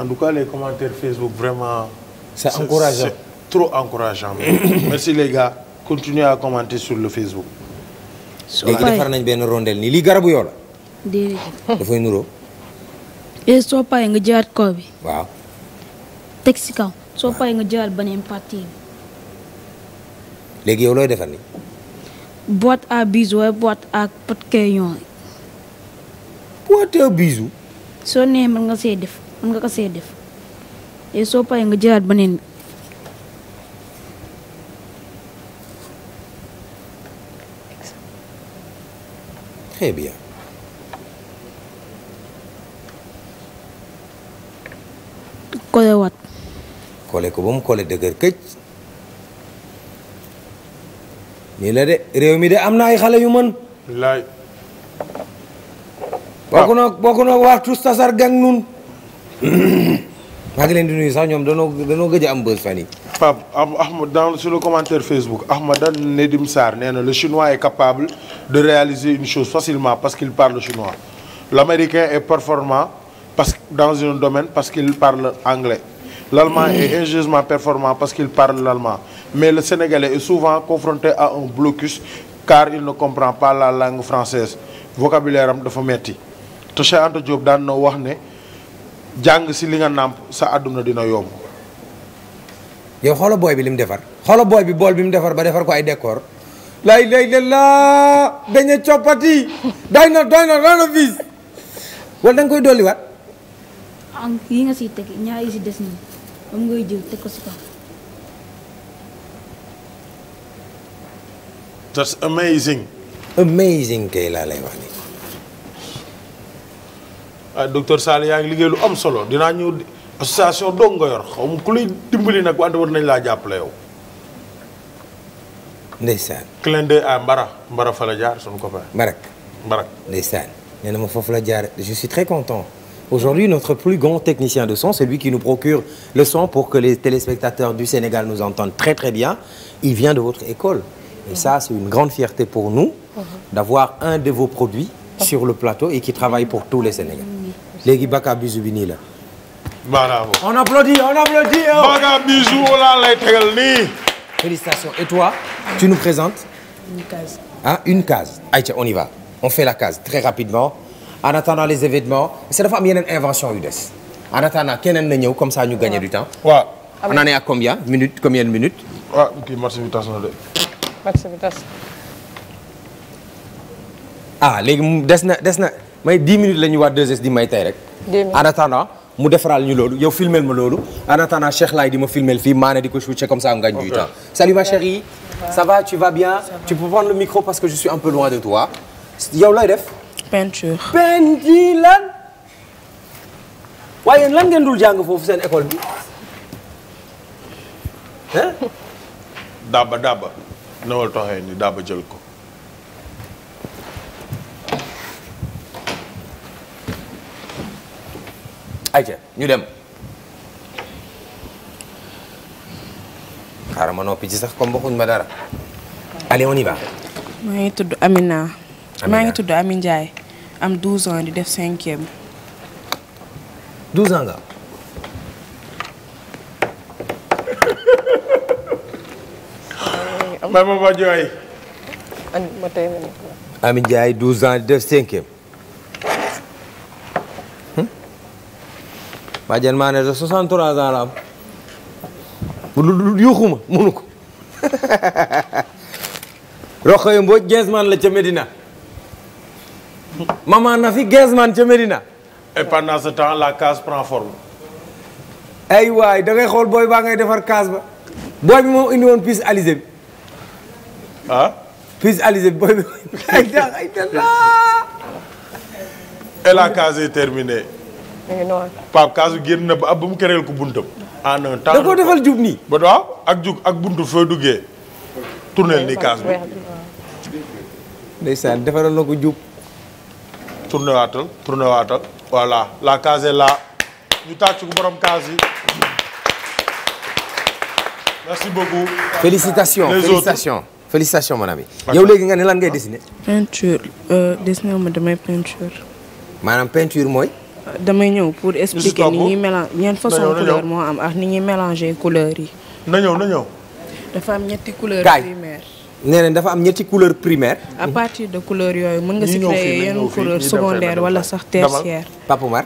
en tout cas les commentaires Facebook vraiment c'est encourageant c'est trop encourageant merci les gars à commenter sur le Facebook léegi defar nañ benn rondel nii lii garabu yoo la léegi eh, soo paree nga jëlaat kaw bi waaw teg soo paree nga jëlaat beneen partie bi léegi yow looy defar ni boîte à bisou waaye boîte à pot crayon. boîte à bisou. soo nee mën nga see def mën nga ko see def te soo paree nga jëlaat beneen bi. très bien. kolewaat. kole ko ba mu kole dëgër këj. nii la de réew mi de am na ay xale yu man wallaay. waaw bokk na bokk na waa tous tasar gang nun maa ngi leen di nuyu sax ñoom danoo danoo gëj a am bës fan yi Pape Ahmad dans sur le commentaire Facebook Ahmada Nedim Sarr nee na le chinois est capable de réaliser une chose facilement parce qu'il parle chinois l'américain est performant parce dans un domaine parce qu'il parle anglais L'allemand est injustement performant parce qu'il parle l'allemand. Mais le Sénégalais est souvent confronté à un blocus car il ne comprend pas la langue française vocabulaire am dafa metti te Cheikh Anta Diop daan na wax ne jàng si li nga nàmp sa àdduna dina yomb. yow xoola booy bi li mu defar. xoola booy bi bool bi mu defar ba defar ko ay décor. lay lay la laa dañu coppati doy na doy na fii wala da nga koy dolliwaat. yi nga siy teg ñaar yi si des nii. moom ngay jël teg ko si kaw. that's amazing. kay laa lay wax nii. ah docteur yaa ngi liggéey lu am solo dinaa ñëw association dong nga yor xaw ma ku lay dimbali nag wante war nañ laa jàppale yow. ndeysaan. clin d'œil à Mbara Mbara fa la jaar sunu copain. Mbarak Mbarak. ndeysaan nee na ma foofu la jaar je suis très content. Aujourd'hui, notre plus grand technicien de son, c'est lui qui nous procure le son pour que les téléspectateurs du Sénégal nous entendent très bien. Il vient de votre école. Et ça, c'est une grande fierté pour nous d'avoir un de vos produits sur le plateau et qui travaille pour tous les Sénégalais. léegi Baka Bijou la. Oh. Baka Bijou oh laa lay tegal nii. Ah, la case très rapidement. en attendant les événements c'est dafa am yeneen invention yu des en attendant keneen na ñëw comme ça ñu gagner du temps. waaw ah on en est à combien minutes combien de minutes. waaw kii marché bi na ah des na na may 10 minutes la ñu waa 2S di may tey rek. 10 minutes en attendant mu defaral ñu loolu yow filmel ma loolu en attendant Cheikh Laye di ma filmel fii maana di ko shooter comme ça on gagne du temps. salut ma chérie. ça va tu vas bien. tu peux prendre le micro parce que je suis un peu loin de toi. yow looy def. peinture. peinture waaye lan ngeen dul jàng foofu seen école bi hein. daaba daaba nawal toxee ni daaba jël ko. ayca ñu dem xaaral ma noppi ci sax comme waxuñ ma dara. allez on maa ngi tudd Amina. maa ngi tudd Amin Ndiaye. am 12 ans di def cinquième. 12 ma ma ma jooy. Ami Ndiaye 12 ans di def cinquième. Hmm? la am. lu yuuxuma mënu ko. Rokhaya Mbodj 15 man la ca Medina. maman na fi Geesman ca Medina. et pendant ce temps la case prend forme. ay waay da ngay xool booy baa ngay defar case ba. booy bi moom indi woon piste alizé bi. ah. piste alizé bi booy bi la case est terminée. Pape Kaasu génn na ba ba mu kereel ko buntam. en un temps defal jub nii. ba waaw ak jub ak buntu foo duggee. tournel ni kaas bi. ndeysaan defaral na ko jub. tourné waatal tourné waatal voilà la case est ñu tàcc ko borom case yi merci beaucoup. félicitations les félicitations autres. léegi nga ne lan ngay dessiner. peinture euh, dessiner ma damay peinture. maanaam peinture mooy. damay ñëw pour expliquer ni ñuy mélange ñeent façon couleur moo am ak ni ñuy mélanger couleurs yi. na ñëw na ñëw. dafa am ñetti couleurs. nee nañ dafa am ñetti couleur primaire à partir de couleur yooyu mën nga si créer yenn couleur secondaire wala sax tertiaire Papa Mar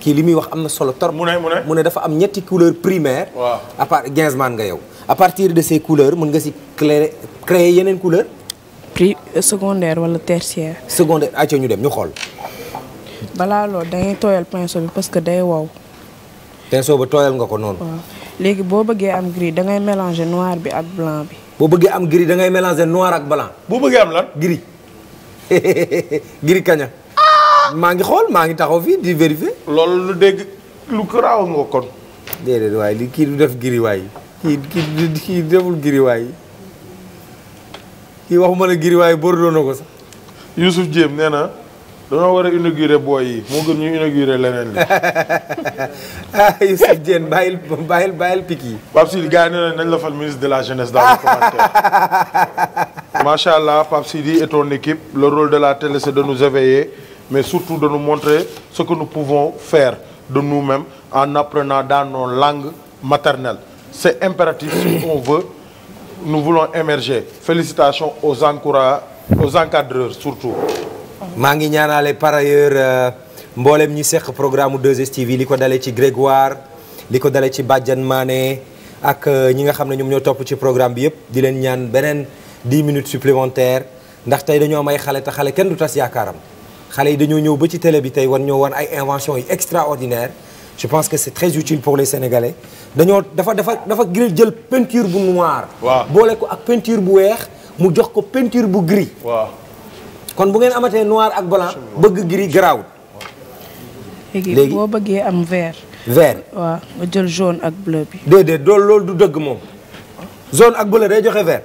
kii li muy wax am na solo torop mu ne mu mu ne dafa am ñetti couleur primaire waaw à part Gainsman nga yow à partir de ces couleurs mën nga si créer créer yeneen couleur pri euh, secondaire wala tertiaire secondaire acco ñu dem ñu xool balaa loolu dangay tooyal pinceau bi parce que day wow pinceau ba tooyal nga ko noonu léegi boo bëggee am gris dangay mélanger noir bi ak blanc bi boo bëggee am gris da ngay mélanger noir ak blanc. boo bëggee am lan gris. gris kaña. Ah! maa ngi xool maa ngi taxaw fii di vérifier. loolu lu dégg lu garaaw nga kon. déedéet waaye li kii du def gris waay kii kii kii deful gris waay kii waxuma la gris waay bordeaux na ko sax. Youssouf Diém nee na. dañoo war a inauguré booy yi moo gën ñu inauguré leneen li. ah Youssouf Dieng bàyyil bàyyil bàyyil picc yi. Pape Sidi gars yi nee nañ la fal ministre de la jeunesse dans les commentaires. macha allah Pape Sidi et ton équipe le rôle de la télé c'est de nous éveiller mais surtout de nous montrer ce que nous pouvons faire de nous-mêmes en apprenant dans nos langues maternelles c'est impératif si on veut nous voulons émerger félicitations surtout. maa ngi ñaanaale par ailleurs euh, mboolem ñi seq programme 2STV li ko dalee ci Grégoire li ko dalee ci Badiane Mané ak euh, ñi nga xam ne ñoom ñoo topp ci programme bi yëpp di leen ñaan beneen 10 minutes supplémentaires ndax tey dañoo am ay xale te xale kenn du tas yaakaaram xale yi dañoo ñëw ba ci télé bi tey wan ñoo wan ay invention yu extraordinaire je pense que c'est très utile pour les Sénégalais dañoo dafa dafa dafa gril jël peinture bu noir boole ko ak peinture bu weex mu jox ko peinture bu gris waaw kon bu ngeen amatee nuwaar ak blanc bëgg gris garaawut. léegi bëggee am vert. vert waaw nga jël ak bleu bi. déedéet loolu loolu du dëgg moom. jaune ak bleu day joxe vert.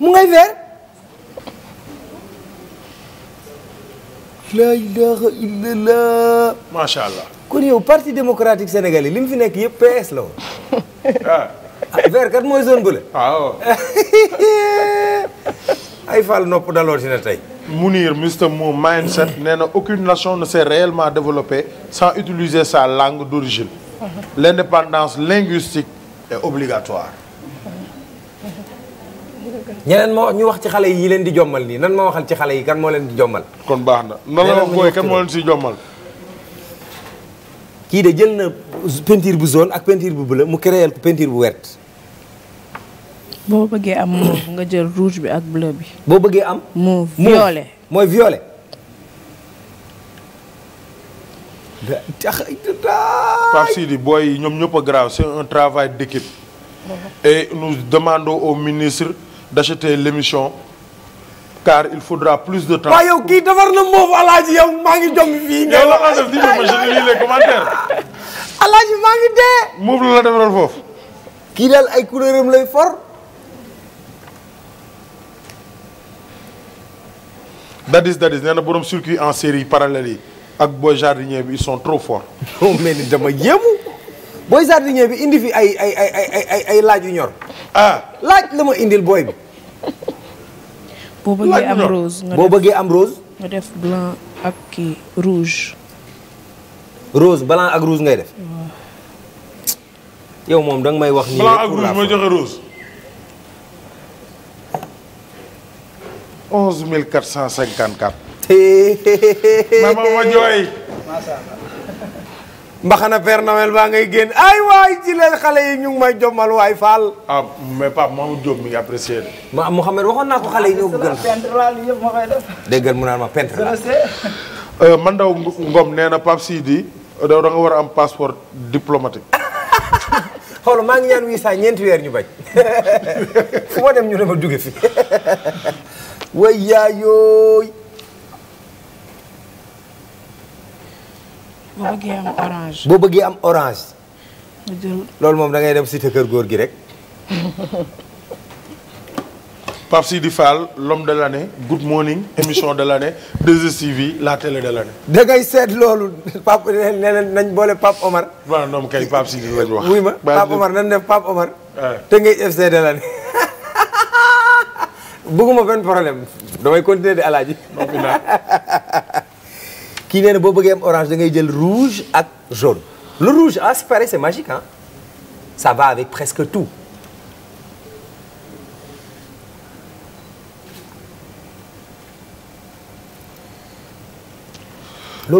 mu ngay vert. laa ilaaha illallah. macha allah kon yow parti démocratique sénégalais li mu fi nekk yëpp PS la woon. Ah. ah vert kat mooy zone bu la. waaw. ay Fall nopp dalooti na tey. Mounir Mister Mo mindset nee na aucune nation ne s'est réellement développée sans utiliser sa langue d'origine l'indépendance linguistique est obligatoire. ñeneen moo ñu wax ci xale yi leen di jommal nii nan ma waxal ci xale yi kan moo leen di jommal. kon baax na nan la wax booy kan moo leen si jommal. kii de jël na peinture bu jaune ak peinture bu bleu mu créé ko peinture bu wert boo bëggee am mauve nga jël rouge bi ak bleu bi. boo bëggee am. mauve mooy violet. Pape Sidi booy ñoom ñëpp a grave c'est un travail d'équipe. et nous demandons ministre. d'acheter l'émission car il faudra plus de temps. waaw yow kii defar na moofu alaaji yow maa ngi jom fii. yow la maa ngi dee. moof la la defaral foofu. kii daal ay couleuram lay for. Dadis Dadis nee na borom circuit en série parallèle yi ak boy jardinier bi ils sont trop forts. non oh, mais dama yéemu. booy jardinier bi indi fi ay ay ay ay ay ay laaj yu ñor. ah laaj la ma indil booy bi. boo bëggee am rose boo bëggee am rose. kii rouge. rose blanc ak rouge ngay def. yow moom danga may wax. nii rek pour la blanc ak rouge ma joxe rose. 11454. ma ma mbaxana Père Noël baa ngay génn ay waay ci xale yi ñu may jommal waay Fall. ah mais Pape Mamadou Diop mi ngi apprécié de. ma Mouhamed waxoon naa ko xale yi ñoo mu naan ma peintre la. Euh, man daw Ngom nee na Pape Sidi da nga war a am passeport diplomatique. xool maa ngi ñaan wii saa ñeenti weer ñu bañ fu dem ñu dama duge fi. way boo bëggee am orange. boo bëggee am orange. loolu moom da ngay dem cité kër góor gi rek. Pape Sidi Fall lom de l'année good morning émission de la télé de seet loolu Pape nee nañ boole Pape Omar. waaw noom kay Pape Sidi lañ wax. wuy ma Pape Omar nan def te ngay FC de l'année bëgguma benn problème damay continuer di alaaji. kii nee na boo bëggee am orange ngay jël rouge ak jaune le rouge à ah, ce qui paraît c'est magique ah ça va avec presque tout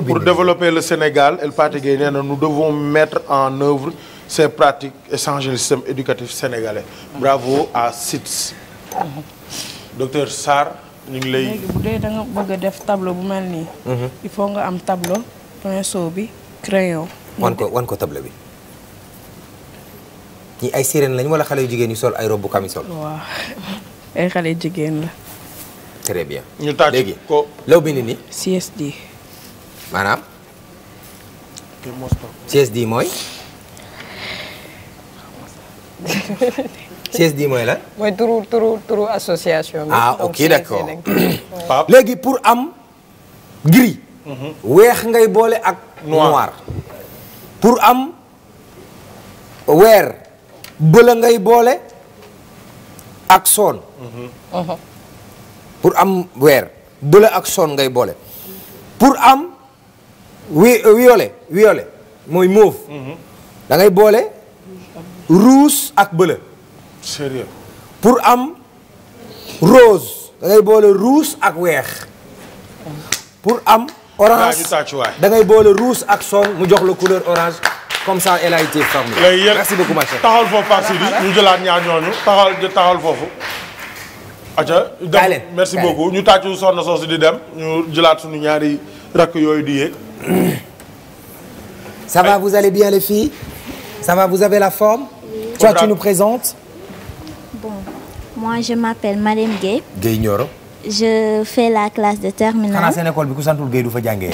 pour développer le Sénégal El Pate Gueye nee na nous devons mettre en œuvre ces pratiques et changer le système éducatif sénégalais bravo à SITS mhm. docteur Sarr ñu ngi lay léegi bu dee da bëgg def tableau bu mel nii. Mhm. il faut nga am tableau pinceau bi crayon. wan ko wan ko tableau bi. ñi ay sirène lañ wala xale yu jigéen yu sol ay robe camisole. waaw ay xale jigéen la. très bien. ñu tàcc léegi law bi ni nii. CSD. maanaam. CSD mooy. CESD mooy la mooy turu turu turu association. ah léegi pour am gris. Mhm. weex ngay boole ak. noir pour am weer bëla ngay boole ak soon. Mhm. pour am weer bëla ak soon ngay boole pour am wi violet mooy mauve. Mhm. da ngay boole rouge ak bëla. sérieux pour am rose da boole rouge ak weex pour am orange da ngay boole rouge ak son mu jox la couleur orange comme ça elle a été formée. merci beaucoup ma chère taxawal foofu Pape Sidi ñu jëlaat ñaar ñooñu taxawal taxawal foofu. aca dem merci beaucoup ñu tàccu soxna soosu di dem ñu jëlaat yooyu di yéeg. ça va vous allez bien les filles. ça va vous avez la forme. toi tu nous présentes. Moi, je m'appelle Marème Gueye. Gueye Nioro. je fais la classe de terminale. xanaa seen école bi ku santul Gueye du fa jànge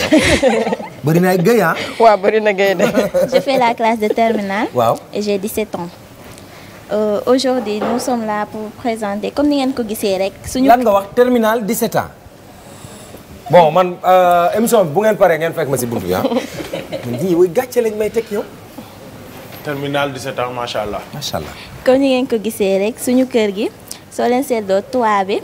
bëri na Gueye ah. waaw bëri na Gueye de. je fais la classe de terminale. waaw et j'ai 17 ans. Euh, aujourd'hui nous sommes là pour présenter comme ni ngeen ko gisee rek. suñu lan nga wax terminale 17 ans. bon man euh, émission bi bu ngeen paree ngeen fekk ma si buntu bi ah. man ñii woy gàcce lañ may teg yow. terminale 17 ans macha allah. macha allah. comme ni ngeen ko gisee rek suñu kër gi. soo leen seetloo toit bi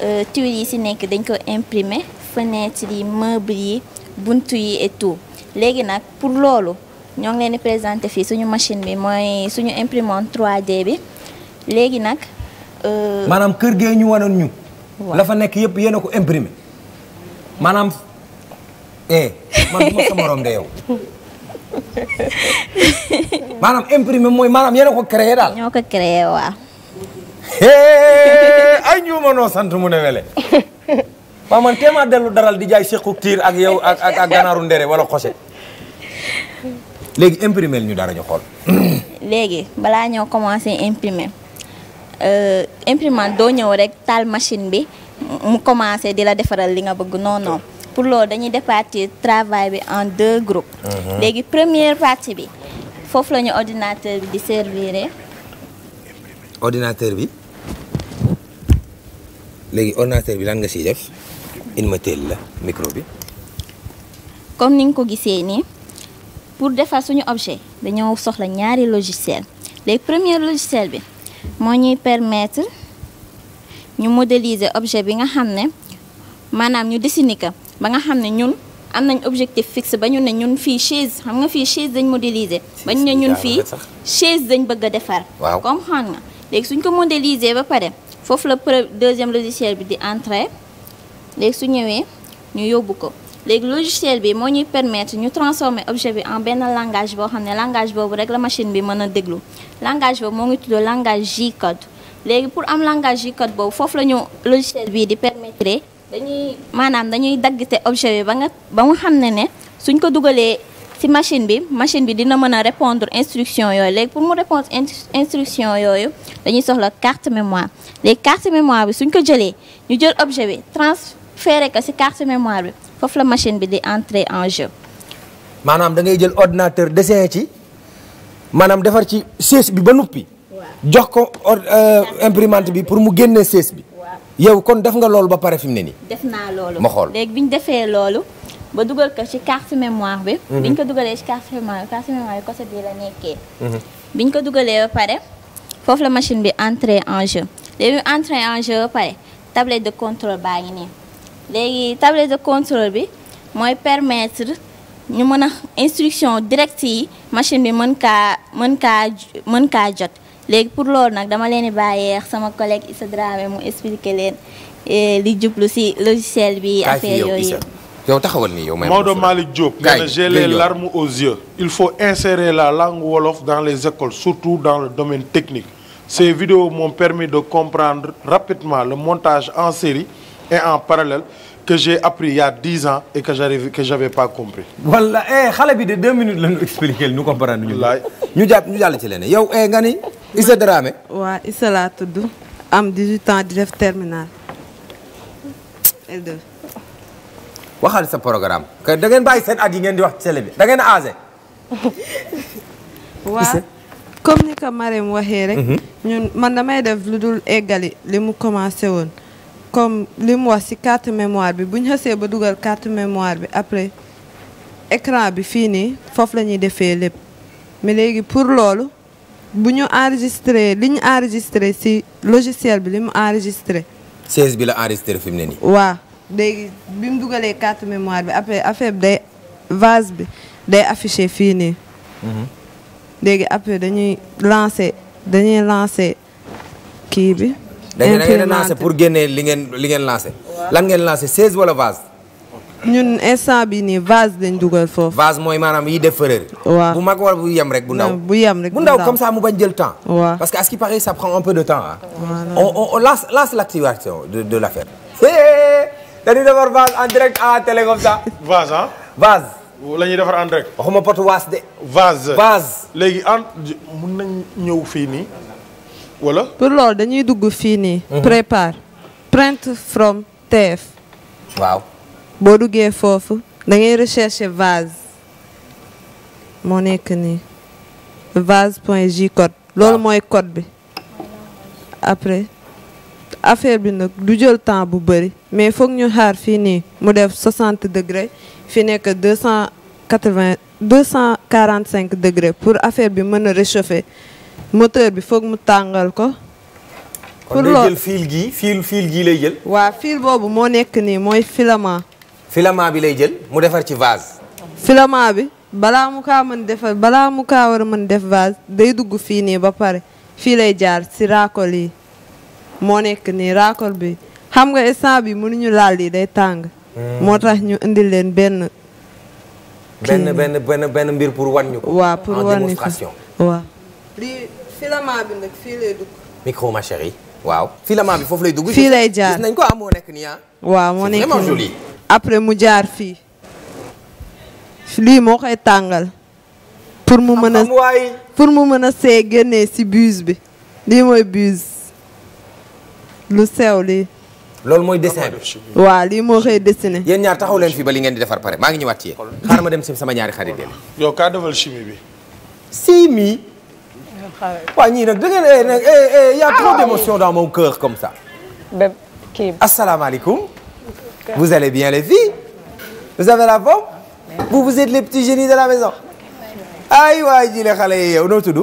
euh, tuiles yi si nekk dañ ko imprimer fenêtre yi meuble yi buntu yi et léegi nag pour loolu ñoo ngi leen di présenté fii suñu machine bi mooy suñu imprimante 3D bi léegi nag. Euh, maanaam kër gee ñu waroon ñu. la fa nekk yëpp yéen a ko imprimer maanaam. eh man du ma maanaam imprimer mooy maanaam yéen a ko créé daal. ñoo ko créé waaw. ay ñu mënoo sant mu ne wele waaw man téemaa dellu daral di jaay sequk tiir ak yow ak ak ak ganaaru ndere wala xose léegi imprimer ñu dara ñu xool. léegi balaa ñoo commencé imprimer euh, imprimante doo ñëw rek taal machine bi mu commencé di la defaral li nga bëgg non non pour loolu dañuy départir travail bi en deux groupes. Mhm. léegi première partie bi foofu la ñu ordinateur bi di servir. ordinateur bi léegi ordinateur bi lan nga siy def il la micro bi. comme ni nga ko gisee nii pour defar suñu objet dañoo soxla ñaari logiciel léegi premier logiciel bi moo ñuy permettre ñu modéliser objet bi nga xam ne maanaam ñu dessiner ba nga xam ne ñun am nañ objectif fixe ba ñu ne ñun fii chaise xam nga fii chaise dañ modéliser. ba ñu ne ñun fii chaise dañ bëgg a defar. waaw comprendre nga. léegi suñ ko modéliser ba pare foofu la pre deuxième logiciel bi di entrer léegi su ñëwee ñu yóbbu ko léegi logiciel bi moo ñuy permettre ñu transformer objet bi en benn langage boo xam ne langage boobu rek la machine bi mën a déglu langage boobu moo ngi tudd langage J-code léegi pour am langage J-code boobu foofu la ñu logiciel bii di permettre dañuy maanaam dañuy daggte objet bi ba nga ba mu xam ne ne suñ ko dugalee ci machine bi machine bi dina mën a répondre instruction yooyu léegi pour mu répondre instruction yooyu dañuy soxla carte mémoire léegi carte mémoire bi suñ ko jëlee ñu jël objet bi transféré ko ci carte mémoire bi foofu la machine bi di entrer en jeu. maanaam da ngay jël ordinateur dessin ci maanaam defar ci sées bi ba noppi. jox ko euh, imprimante bi pour mu génne sées bi. yow kon def nga loolu ba pare fi mu ne nii. def naa loolu ma xool léegi bi ñu defee loolu. ba dugal ko ci carte mémoire bi. Mhm. biñ ko dugalee ci carte mémoire bi carte mémoire bi côté bii la nekkee. Mhm. biñ ko dugalee ba pare foofu la machine bi entrée en jeu léegi entrée en jeu ba pare tablette de contrôle baa ngi nii léegi tablette de contrôle bi mooy permetre ñu mën a instruction direct yi machine bi mën kaa mën kaa mën kaa jot. léegi pour loolu nag dama leen di bàyyee sama collègue Issa Dramé mu expliqué leen eh, li jublu si logiciel bi affaire yooyu. yow taxawal nii yow. Maodo Malick Diop. gars yi j'ai les larmes aux yeux. il faut insérer la langue wolof dans les écoles surtout dans le domaine technique. ces vidéos m'ont permis de comprendre rapidement le montage en série et en parallèle que j'ai appris il y a dix ans et que j'arrive que j'avais pas compris. wala eh xale bi de deux minutes la ñu expliqué ñu comprendre ñu. wallaay ñu jàpp ñu jàll ci leneen yow eh, nga ni. Issa Dramé. waaw Issa laa tudd. am 18 ans di terminal waxal sa programme que da ngeen bàyyi seen at yi ngeen di wax ci télé bi da aase waaw comme ni ko mu waxee rek mhm. ñun man may def lu dul eggali li mu commencé woon comme li mu wax ci carte mémoire bi bu ñu xësee ba dugal carte mémoire bi après écran bi fii nii foofu la ñuy defee lépp mais léegi pour loolu bu ñu enregistre li ñu enregistré ci logiciel bi li mu enregistré 16 bi la enregistré fi mu ne nii day bi mu dugalee carte mémoire bi après affaire bi day vase bi day affiché fii nii. Mhm. léegi après dañuy lancé dañuy lancé kii bi. imprimante da ngeen lancé pour génnee li ngeen li ngeen lancé. lan ngeen lancé 16 wala vase. ñun instant bi nii vase dañ dugal foofu. vase mooy maanaam yi def fërër. waaw bu mag wala bu yem rek bu ndaw. bu yem rek bu ndaw comme ça mu bañ jël temps. waaw parce que à ce qui paraît ça prend un peu de temps ah. on on lance lance de de dañuy defar vase en direct à télé comme ça. vase ah. vase. la ñuy defar en direct. waxuma potu waas de. vase vase. léegi en mun nañ ñëw fii nii wala. pour loolu dañuy dugg fii nii. Mhm. prépare print from TF. waaw. boo duggee foofu da ngay rechercher vase moo nekk nii vase point J code. loolu mooy code bi après. affaire bi nag du jël temps bu bëri mais foog ñu xaar fii nii mu def 60 degré fi nekk deux cent cent 280 245 degré pour affaire bi mën a réchauffer moteur bi foog mu tàngal ko. pour loolu kon day jël fil lay jël. waa fil boobu moo nekk nii mooy filament. filament bi lay jël mu defar ci vase. filament bi balaa mu kaa mën defar balaa mu kaa war mën def vase day dugg fii nii ba pare fii lay jaar si raakol yi. moo nekk nii raakool bi xam nga instant bi mënuñu laal lii day tàng. Hmm. moo tax ñu indil leen benn. benn benn benn benn mbir pour wan ñu ko. waaw pour waaw. fii lay bi foofu lay dugg. fii lay jaar gis nañ ko ah moo nekk nii ah. après mu jaar fii. lii moo koy tàngal. pour mu mën a pour mu mën a see génnee ci buse bi. lii mooy buse. lu sew li loolu mooy dessin bi waaw lii moo koy dessiné yéen ñaar taxaw leen fii ba li ngeen di defar pare maa ngi ñëwaat ci yéen xaar ma dem si sama ñaari xarit yéen yow kaa defal chimie bi chimie waaw ñii nag da ngeen eh, nag eh, eh, y a trop ah, d'émotion dans mon cœur comme ça kii asalaamaaleykum vous allez bien les filles vous avez la forme vous vous êtes les petits génies de la maison ay waay ji le xale yi yow noo tudd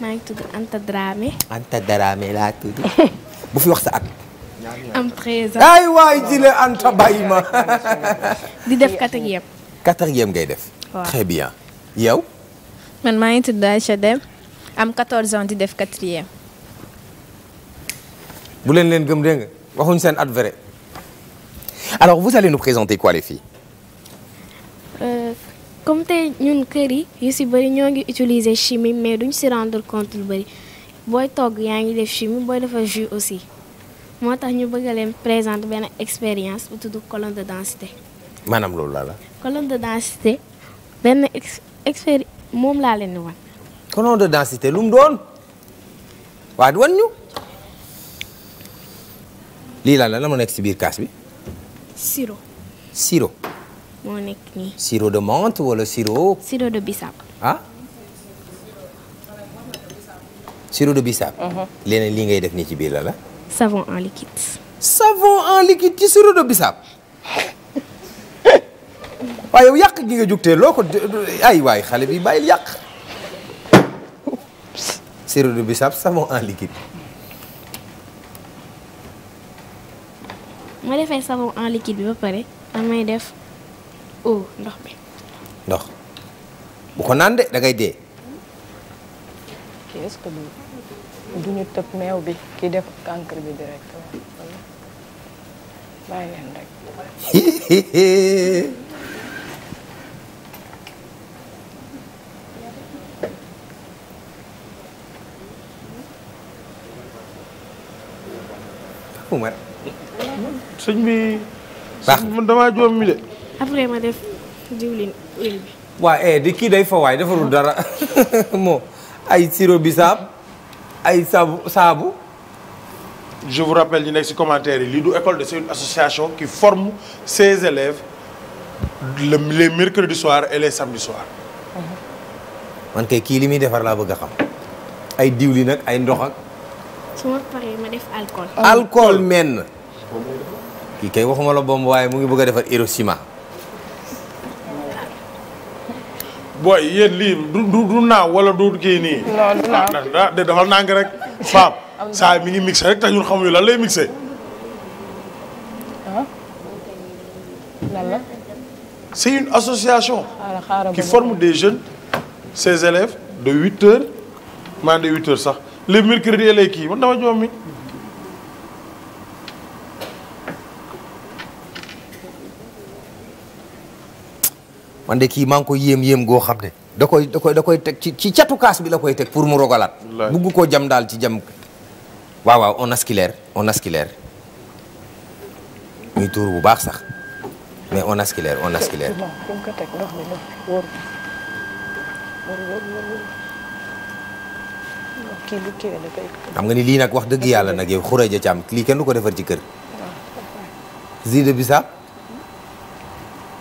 maa ngi tudd Anta Dramé Anta Dramé laa tudd bu fi wax sa at. am présent ay waay jile Anta bàyyi di def quatrième. quatrième ngay def. très bien yow. man maa ngi tudd Aïcha Deme am 14 di def quatrième. bu leen leen gëm dégg waxuñ seen at vrai. alors vous allez nous présenter quoi les filles. Euh, comme tey ñun kër yi yu si bëri ñoo ngi utiliser chimie mais duñ si rendre compte lu bëri. booy togg yaa ngi def chimie booy defar jus aussi moo tax ñu bëgg leen présenter benn expérience bu tudd colonne de densité. maanaam loolu la la. colonne de densité benn ex expéri moom laa leen di wan. colonne de densité lu mu doon waa di wan ñu. lii laa la la ma nekk ci biir kaas bi. sirop. sirop. moo de menthe wala siro sirop de bissap. ah. sirop de bissap. Mhm. leneen lii ngay def nii ci biir la la. savon en liquide. savon en liquide ci sirop de bissap. waaye yàq gi nga jugtee loo ko ay waay xale bi bàyyil yàq. sirop de bissap savon en liquide. ma defee savon en liquide bi ba pare damay def eau oh, ndox bu ko naan de dangay dee. kii est-ce que du duñu tëb meew bi kii def cancre bi direct bàyyi leen rek. Umar. sëñ bi. baax man damaa joom mi de. après ma def diwlin huile bi. waa eh di kii day fa waay defarul dara moo. ay sirop bisaab ay saabu saabu. je vous rappelle ñu nekk ci commentaire yi lii du école de c'est une association qui forme ses élèves le les mercredis soir et les samedis soir. man kay kii li muy defar laa bëgg a xam. ay diwli nag ay ndox ak. su ma men. kii kay waxuma la bomb waaye mu ngi bëgg a defar Hiroshima. booy yéen lii du du naaw wala du kii nii. non du naaw de dafa nang rek Pape. saa mi ngi mixé rek te ñun xamuñu lan lay mixé. Ah? la. c'est une association. Ah, qui forme des jeunes. ses élèves de huit heures. maa de huit heures sax les mercredis et les kii man dama joom mi man de kii maa ngi koy yéem yéem goo xam ne da koy da koy teg ci ci catu kaas bi la koy teg pour mu rogalaat bugg koo jam daal ci jam waaw waaw on asculaire on asculaire tuur bu baax sax mais on asculaire xam nga ni lii nag wax dëgg yàlla nag yow xureja ci am lii kenn du ko defar ci kër jus ah, de bissap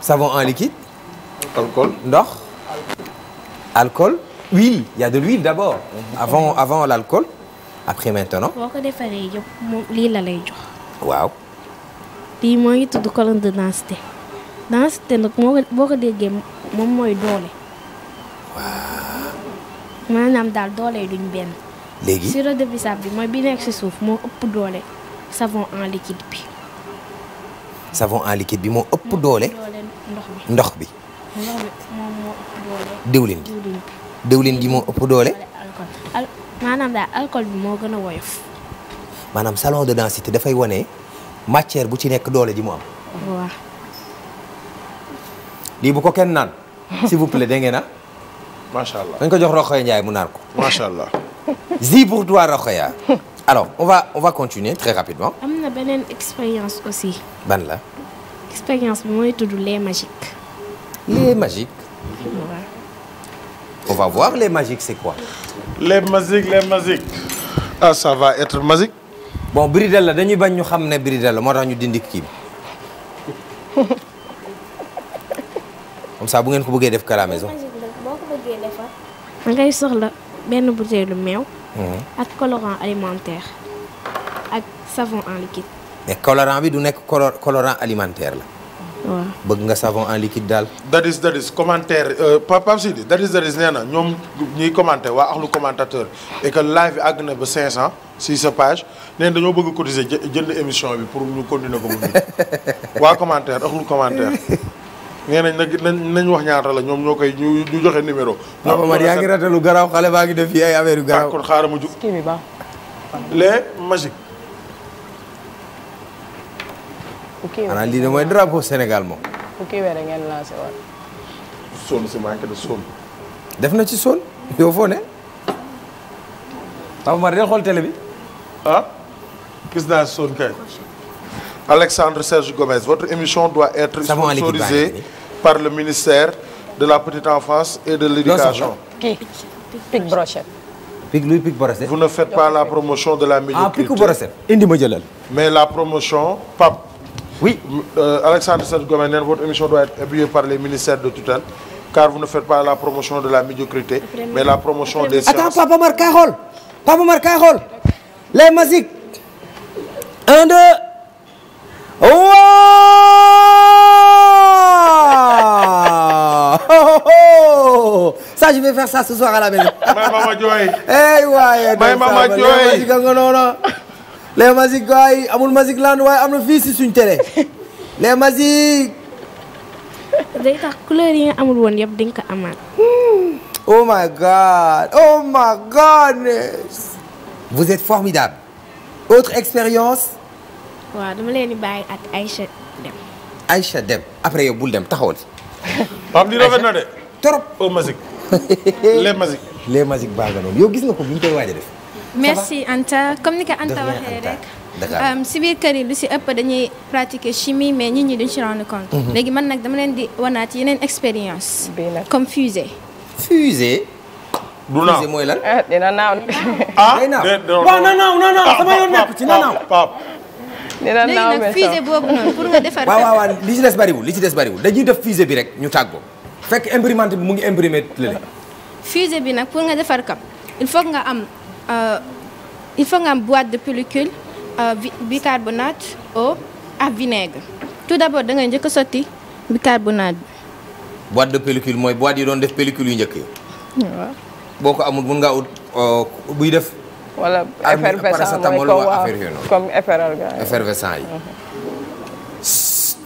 savon en liquide alcool ndox. alcool huile il a de l'huile d'abord. avant avant l'alcool après maintenant. boo ko defaree yëpp moom lii la lay jox. waaw. lii moo ngi tudd colonne de densité densité nag moo ko boo moom mooy doole. waaw. maanaam daal doole yi duñ benn. léegi sirop de bissap bi mooy bi nekk ci suuf moo ëpp doole savon en liquide bi. savon en liquide bi moo ëpp doole. ndox bi. diwlin gi diwlin moo ëpp doole. maanaam daal alcool bi moo gën a woyof. maanaam salon de dansité dafay wone matière bu ci nekk doole ji mu am. waaw. lii bu ko kenn naan. s'il vous plaît dégg na ah? macha dañ ko jox Rokhaya Ndiaye mu naan ko. macha allah. zi pour toi Rokhaya. alors on va on va continuer très rapidement. am na beneen expérience aussi. ban la. expérience bi mooy tudd lait magique. les magiques. On va voir les magiques, c'est quoi? les magiques les magiques. ah magique. bon Bridel la dañuy bañ ñu xam ne Bridel la moo tax ñu dindi kii bi bu ngeen ko bëggee def à la maison. ngay soxla benn bouteille meew. Hmm. ak colorant alimentaire ak savon en liquide. mais colorant bi du nekk colorant alimentaire la. waaw bëgg nga savon en liquide daal. dadis dadis commentaire euh, Pape Sidi dadis dadis nee na ñoom ñuy commenté waa axlu commentateur et que live bi àgg na ba 500 si sa page nee dañoo bëgg cotiser jënd émission bi pour ñu continuer ko ba waa commentaire axlu commentaire nee nañ nañ nañ wax ñaata la ñoom ñoo koy ñu ñu joxe numéro. ñoom man yaa ngi ratalu garaaw xale baa ngi def fii ay affaire yu garaaw. Ah, kon xaaral ma ju. kii bi magique. fukki weer mooy drapeau Sénégal moom. ngeen lancé woon. sol na ci sol yow foo ne. Pape Omar de xool bi. Ah? naa sol kay. Alexandre Serge Gomez votre émission doit être sponsorisée par le ministère de la petite enfance et de l'éducation. kii pic brochette. vous ne faites pas la promotion de la médiocrité. ah pic brochette mais la promotion Pape. Oui, euh, Alexandre Sadgomener, votre émission doit être appuyée par les ministères de tutelle, car vous ne faites pas la promotion de la médiocrité, mais la promotion des sciences. Attends, Papa Marcarol, Papa les musiques. Un, oh, oh, oh. je vais faire ça ce soir à la maison. Maman Joy. Eh, ouais. Maman Joy. les Magiques waaye amul Magique Land waaye am na fii si suñ télé les Magiques. day tax couleur yi nga amul woon yëpp di nga ko amaat. oh my god oh my goodness. vous êtes formidable. autre expérience. waaw dama leen di ak Aïcha dem. dem après yow bul dem taxawal. Pape di rafet na de. trop au oh, Magique. les Magiques. les Magiques baa nga noonu gis nga ko bi ñu koy waaj a merci Anta comme ni ko Anta waxee rek. Euh, si biir kër yi lu si ëpp dañuy pratiquer chimie mais nit ñi duñ si rendre compte. Mhm. léegi man nag dama leen di wanaat yeneen expérience. comme fusée. fusée. du naaw fusée mooy lan. Ah, dina naaw. ah waaw na naaw na naaw ah, sama yoon nekk ci na naaw. dina naaw léegi nag fusée boobu noonu pour nga defar. waaw waaw waaw li ci des bariwul li ci des bariwul dañuy def fusée bi rek ñu tàggoo. fekk imprimante bi mu ngi imprimer lële. fusée bi nag pour nga defar kam il faut nga am. Euh, il faut nga am de pellicule euh, bicarbonate eau ak vinaigre tout d'abord da njëkk a sotti bicarbonate bi. boîte de pellicule mooy boîte yi doon def pellicule yu njëkk yi. waaw boo ko amul mun ngaa ut euh, buy def. effervescent yi. Mhm.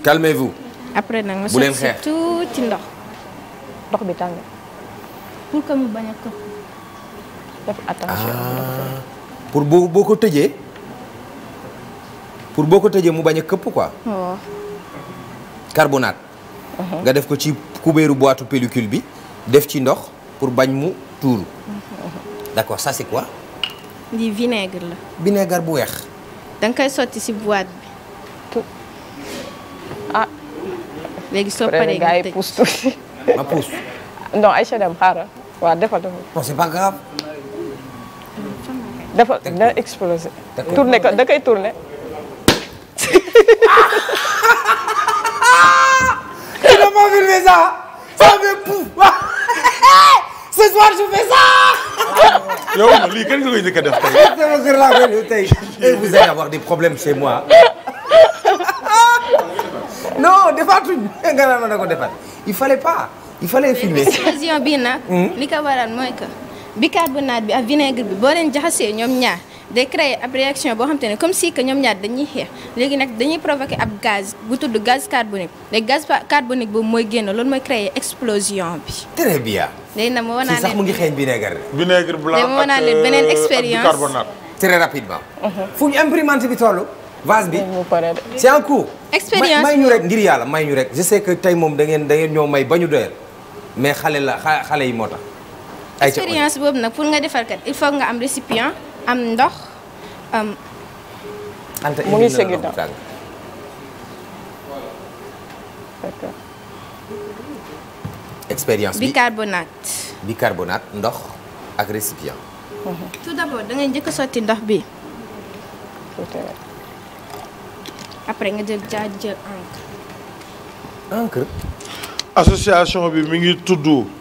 calmez-vous. après nag ma sotti tuuti ndox. ndox bi tàng. pour def attention. Ah. pour boo boo ko tëjee pour boo ko tëjee mu bañ a këpp quoi. waaw. Oh. carbonate. Uh-huh. nga def ko ci kubéeru boîte pellicule bi def ci ndox pour bañ mu tuuru. Uh-huh, uh-huh. d'accord ça c'est quoi. lii vinaigre la. vinaigre bu weex. da koy sotti ci boîte bi. Ah. léegi soo paree nga tëj ma pousse. non Aïcha dem xaaral waaw defal defal. non pas grave. dafa da explosé. tourné ko da koy tourné. il a pas filmé ça. ça fait pouf. ce soir je fais ça. yow lii kenn nga koy njëkk a def tey. sama kër laa koy def tey. et vous allez avoir des problèmes chez moi. non defaatuñu. nga naan ma da ko defaat il fallait pas il fallait filmer. décision bi nag. li ko waral mooy que. bi bicarbonate bi ak vinaigre bi boo leen jaxasee ñoom ñaar day créer ab réaction boo xam te ne comme si ñoom ñaar dañuy xeex léegi nag dañuy provoquer ab gaz bu tudd gaz carbonique léegi gaz carbonique boobu mooy génn loolu mooy créer explosion bi. très bien. léegi nag sax mu ngi xeeñ vinaigre. vinaigre blanc ak euh, bicarbonate leen beneen expérience très rapidement. Uh-huh. fu ñu imprimante bi toll. vase bi c'est en cours. expérience may ñu rek ngir yàlla may ñu rek. tey moom da ngeen da ngeen ñoo may ba ñu doyal mais xale la xale yi moo tax. expérience boobu nag pour nga defar kat il faut nga am récipient am ndox am. Anta mu ngi sëgg ndox d'accord. expérience bi bicarbonate. ndox ak récipient. Mhm. tout d'abord da ngay njëkk a sotti ndox bi. après nga jël jaa jël encre. encre. association bi mu ngi tudd.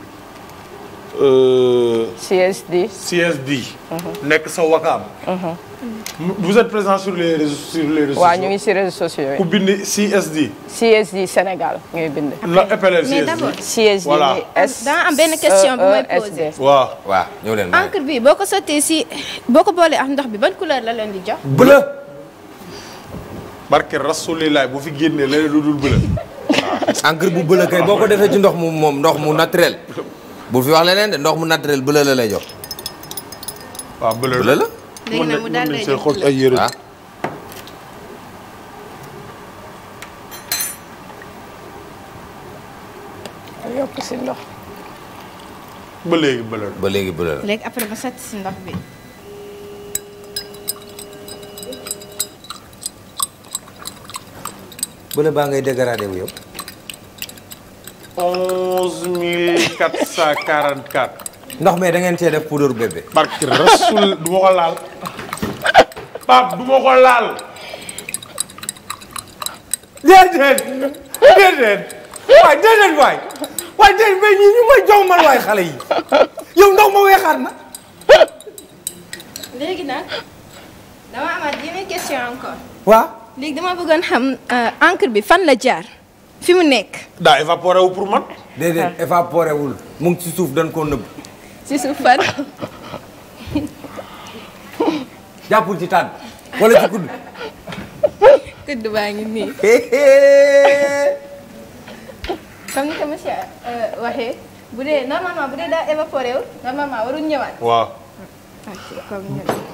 Euh, CSD. Mhm. nekk sa wakaam. Mhm. vous êtes présent sur les réseaux sur les ñu ngi si réseaux sociaux ku bind CSD. CSD Sénégal ngay bind. la EPLL CSD mais am benn e, question bu e, may posé. waaw waaw ñëw leen encre bi boo ko sottee si boo ko boolee am ndox bi ban couleur la leen di jox. bleu. barke rasulilah bu fi génnee leneen lu dul bleu. encre bu bleu kay boo ko defee ci ndox mu moom ndox mu naturel. bu fi wax leneen de ndox mu naturel bële la lay jox. waaw bële la la. léegi nag mu daal lay jox ah. ay yére yokk si ndox. ba léegi bële ba léegi bële léegi après ba sotti si ndox bi. bële baa ngay dégradé wu yow. 11 ndox mi dangeen ngeen cee def poudre bébé. barke rasul du ma ko laal Pape du ko laal. déedéet déedéet waay déedéet waay waay déedéet mais ñii ñu may jox waay xale yi yow ndox ma weexaat na. léegi nag dama amaat yeneen question encore. waaw léegi dama bëggoon xam euh, encre bi fan la jaar. fi mu nekk. daa évaporé wu pour man. déedéet ah. évaporé wul mu ngi ci suuf dañ koo nëbb. ci suuf fan. jàppul ci tànn wala ci kudd. kudd baa ngi nii. comme ni ko monsieur euh, bu dee normalement bu dee daa évaporé wul normalement waruñu ñëwaat.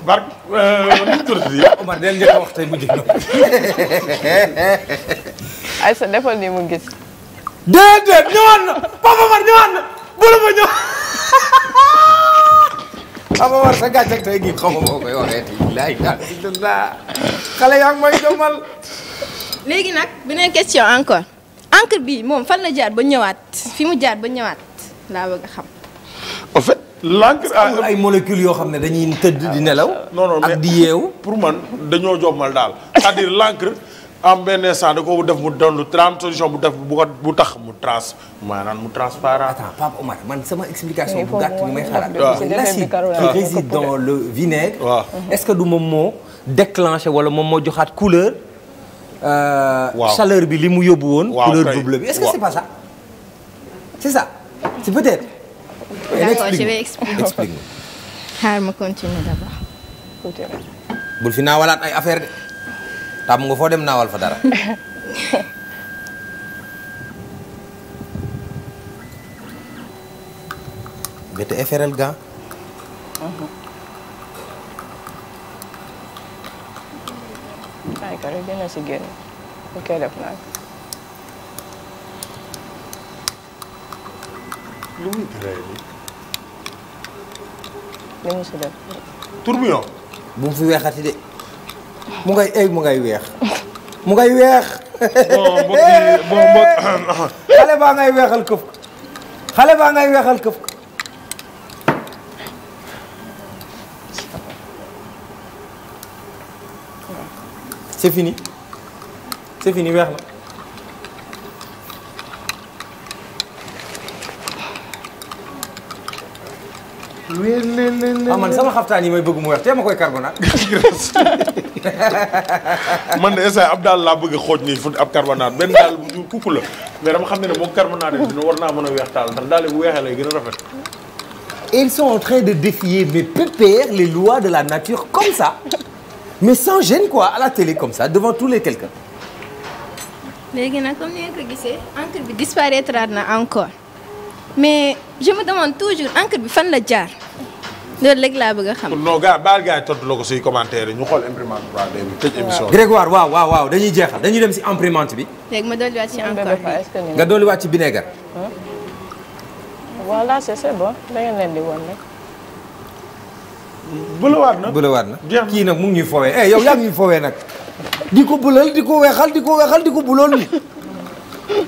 bark euh, nu tuddati Omar del njëkk a gi xaw ma boo nag beneen question encore encre bi moom fan la jaar ba ñëwaat fi mu jaar ba ñëwaat laa bëgg a xam en l'encre ay molécules yoo xam ne dañuy tëdd di nelaw. non ak di yeewu. pour man dañoo jommal daal cest à am benn instant ko def mu doon lu transposition bu def bu bu tax mu trans maanaam mu transparent. attends Pape man sama explication bu gàtt ni may xalaat. waaw l'acide qui réside dans le vinaigre. Mm-hmm. est-ce que du moom moo déclenché wala moom moo joxaat couleur. Euh, waaw bi li mu yóbbu woon. couleur double bi est-ce que c'est pas ça. c'est ça c'est peut-être. d'accord je vais expliquer ma. xaar ma bul fi naawalaat ay affaire de tàmm nga dem naawal fa dara. bete eferel ga ay nañu si def. tourbillon. bu fi weexati de mu ngay egg mu ngay weex mu ngay weex. bon mbokk yi bon xale baa ngay weexal këf xale baa ngay weexal këf. c'est fini c'est fini weex na. ah man sama xaftaan yi may bëgg mu weex te ma koy carbonate. man de instant Abdal laa bëgg a xooj nii fu ab carbonate benn daal bu ñu kukku la mais dama xam ne ne moom carbonate dina war naa mën a weex taal ndax daal bu weexee lay gën a rafet. ils sont en train de défier mes pépères les lois de la nature comme ça mais sans gêne quoi à la télé comme ça devant tous les quelqu'un. léegi nag comme ni nga ko gisee encre bi disparaîtra na encore. mais je me demande toujours encre bi fan la jaar loolu léegi laa bëgg a xam. non gars baal gars yi tontu la ko suy commentaire yi ñu xool imprimante 3 bi tëj émission bi. Grégoire waaw waaw waaw dañuy dem si imprimante bi. léegi ma dolliwaat ci encore bi nga dolliwaat ci vinaigre. voilà c'est bon da ngeen na bëlewaat na. kii nag mu ñuy foowee eh yow yaa ngi ñuy foowee nag. di ko bëlal di ko weexal di ko weexal di ko buloon ni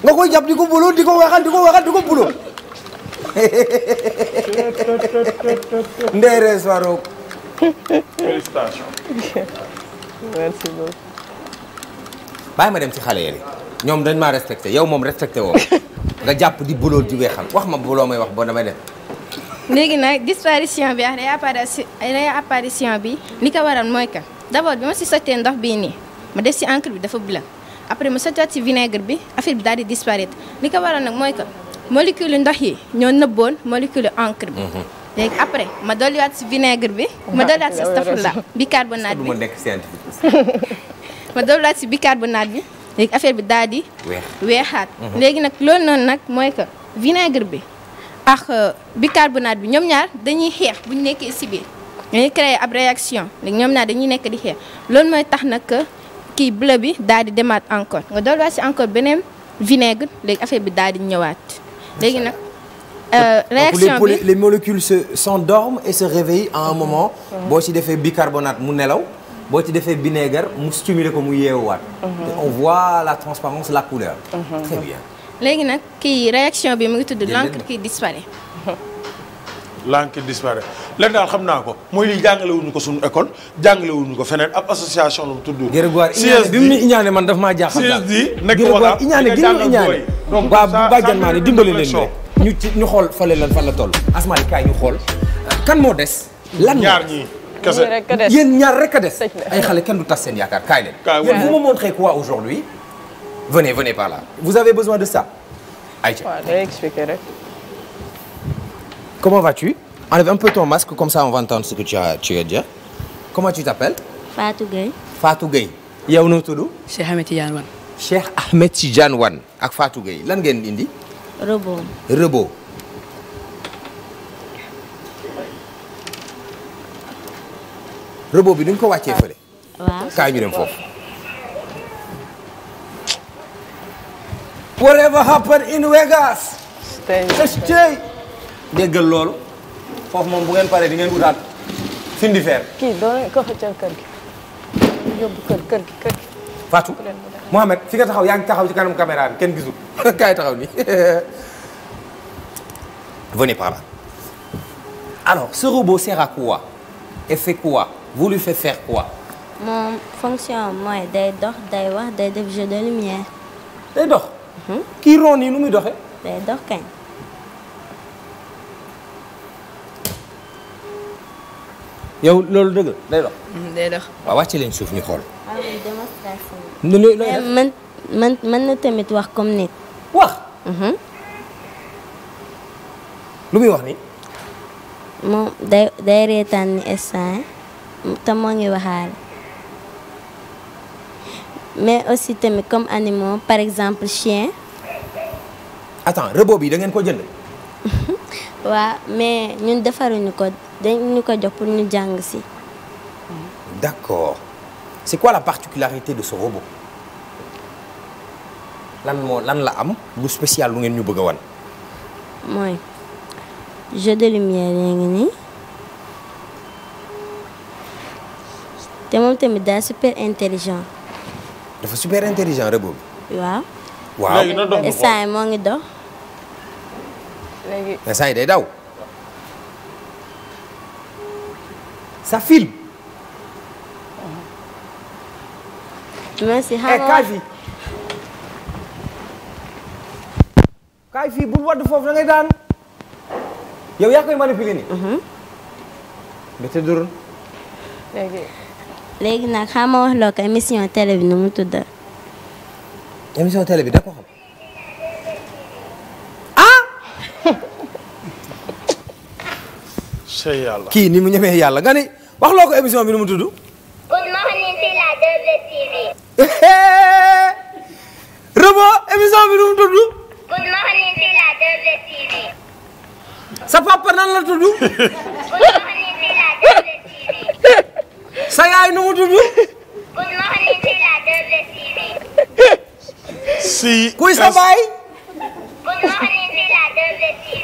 nga koy ko buloon di ko weexal di ko weexal di ko buloon. Ndeye Rees Warok. félicitations. merci beaucoup. ma dem ci xale yi ñoom dañ maa respecté yow moom respecté woo nga jàpp di buloo di weexam wax ma buloo may wax boo damay def. léegi nag disparition bi ak réapparition bi li ko waral mooy que d'abord bi ma si sottee ndox bii nii ma def si encre bi dafa blanc après ma sottiwaat si vinaigre bi affaire bi daal di disparaître li ko waral nag mooy que. molécule ndox yi ñoo nëbboon molécule encre bi. Mhm. léegi après ma dolliwaat si vinaigre bi. ma dolliwaat si astafurla bicarbonate bi ma dolliwaat si bicarbonate bi. léegi affaire bi daal di. weexaat mhm. léegi nag lool noonu nag mooy que vinaigre bi ak euh, bicarbonate bi ñoom ñaar dañuy xeex bu ñu nekkee si biir. dañuy créer ab réaction léegi ñoom ñaar dañuy nekk di xeex loolu mooy tax nag kii bleu bi daal di demaat encore nga dolliwaat si encore beneen vinaigre léegi affaire bi daal di ñëwaat. léegi nag. Euh, réaction bi les molécules se s'endorment et se réveillent à un moment. boo ci defee bicarbonate mu nelaw. boo ci defee vinaigre mu stimuler ko mu yeewaat. Mhm. te on voit la transparence la couleur. Mhm. très bien. léegi nag kii réaction bi mu ngi tudd l'encre qui disparaît. Mhm. lank disparaît leen daal xam naa ko mooy lii jàngale wuñu ko suñu école jàngale wuñu ko feneen ab association lu mu tudd. Grégoire iñaane bi mu ñu iñaane man daf maa jaaxal daal nekk Grégoire iñaane gi mu iñaane donc waa bàjjan maa ne dimbali leen ñu ci ñu xool fale lan fan la toll asmaani kaay ñu xool kan moo des lan ñaar ñii kese yéen ñaar rek a des ay xale kenn du tas seen yaakaar kaay leen yéen vous me montrez quoi aujourd'hui venez venez par là vous avez besoin de ça ayca waaw day rek Comment vas-tu? Enlève un peu ton masque comme ça on Comment tu t'appelles? Fatou Gueye. Fatou yow noo tudd. Cheikh Ahmed Tidiane Wane. Cheikh Ahmed Tidiane wan ak Fatou Gueye lan geen indi. Rebo. Rebo. Rebo bi ni nga ko wàccee fële. waaw kaay ñu foofu. déggal loolu foofu moom bu ngeen paree di ngeen utaat findi feer. kii doo leen ko xëccal kër gi. yóbbu kër kër gi kër gi. Fatou fi nga taxaw yaa ngi taxaw ci kanam caméra bi kenn gisul kaay taxaw ni venez par là. alors ce robot sert à quoi et fait quoi vous lui faites faire quoi. moom fonction dox day wax jeu de lumière. day dox. kii ron yi nu muy doxee. day dox kañ. yow loolu dëgg day dox. Mm, day dox waaw wàcce leen suuf ñu xool. Ah eh, man man man tamit wax comme nit. wax. Mhm. lu muy wax ni moom day day reetaan ni instant te moo ngi waxaale mais aussi tamit comme animaux par exemple chien. attends rëboo bi dangeen ngeen ko jënd. waaw mais ñun defaruñu ko. dañu ñu jox pour nu jàng si. d'accord c'est quoi la particularité de ce robot. lan moo lan la am lu spécial lu ngeen ñu bëgg a wan. mooy jeu de lumière yaa ngi nii te moom tamit daa super intelligent. dafa super intelligent robot bi. waaw. waaw léegi moo ngi dox. léegi. day daw. ça filme. merci xaaral eh, kaay fii. kaay fii bul foofu da ngay yow yaa koy manipuler nii. ba te dur. léegi. léegi nag xam nga wax loo nu mu tudd. émission télé bi da ko xam. kii ni mu ñemee yàlla nga ni wax loo ko émission bi Rebo émission bi nu mu sa papa la tudd. sa yaay nu mu kuy sa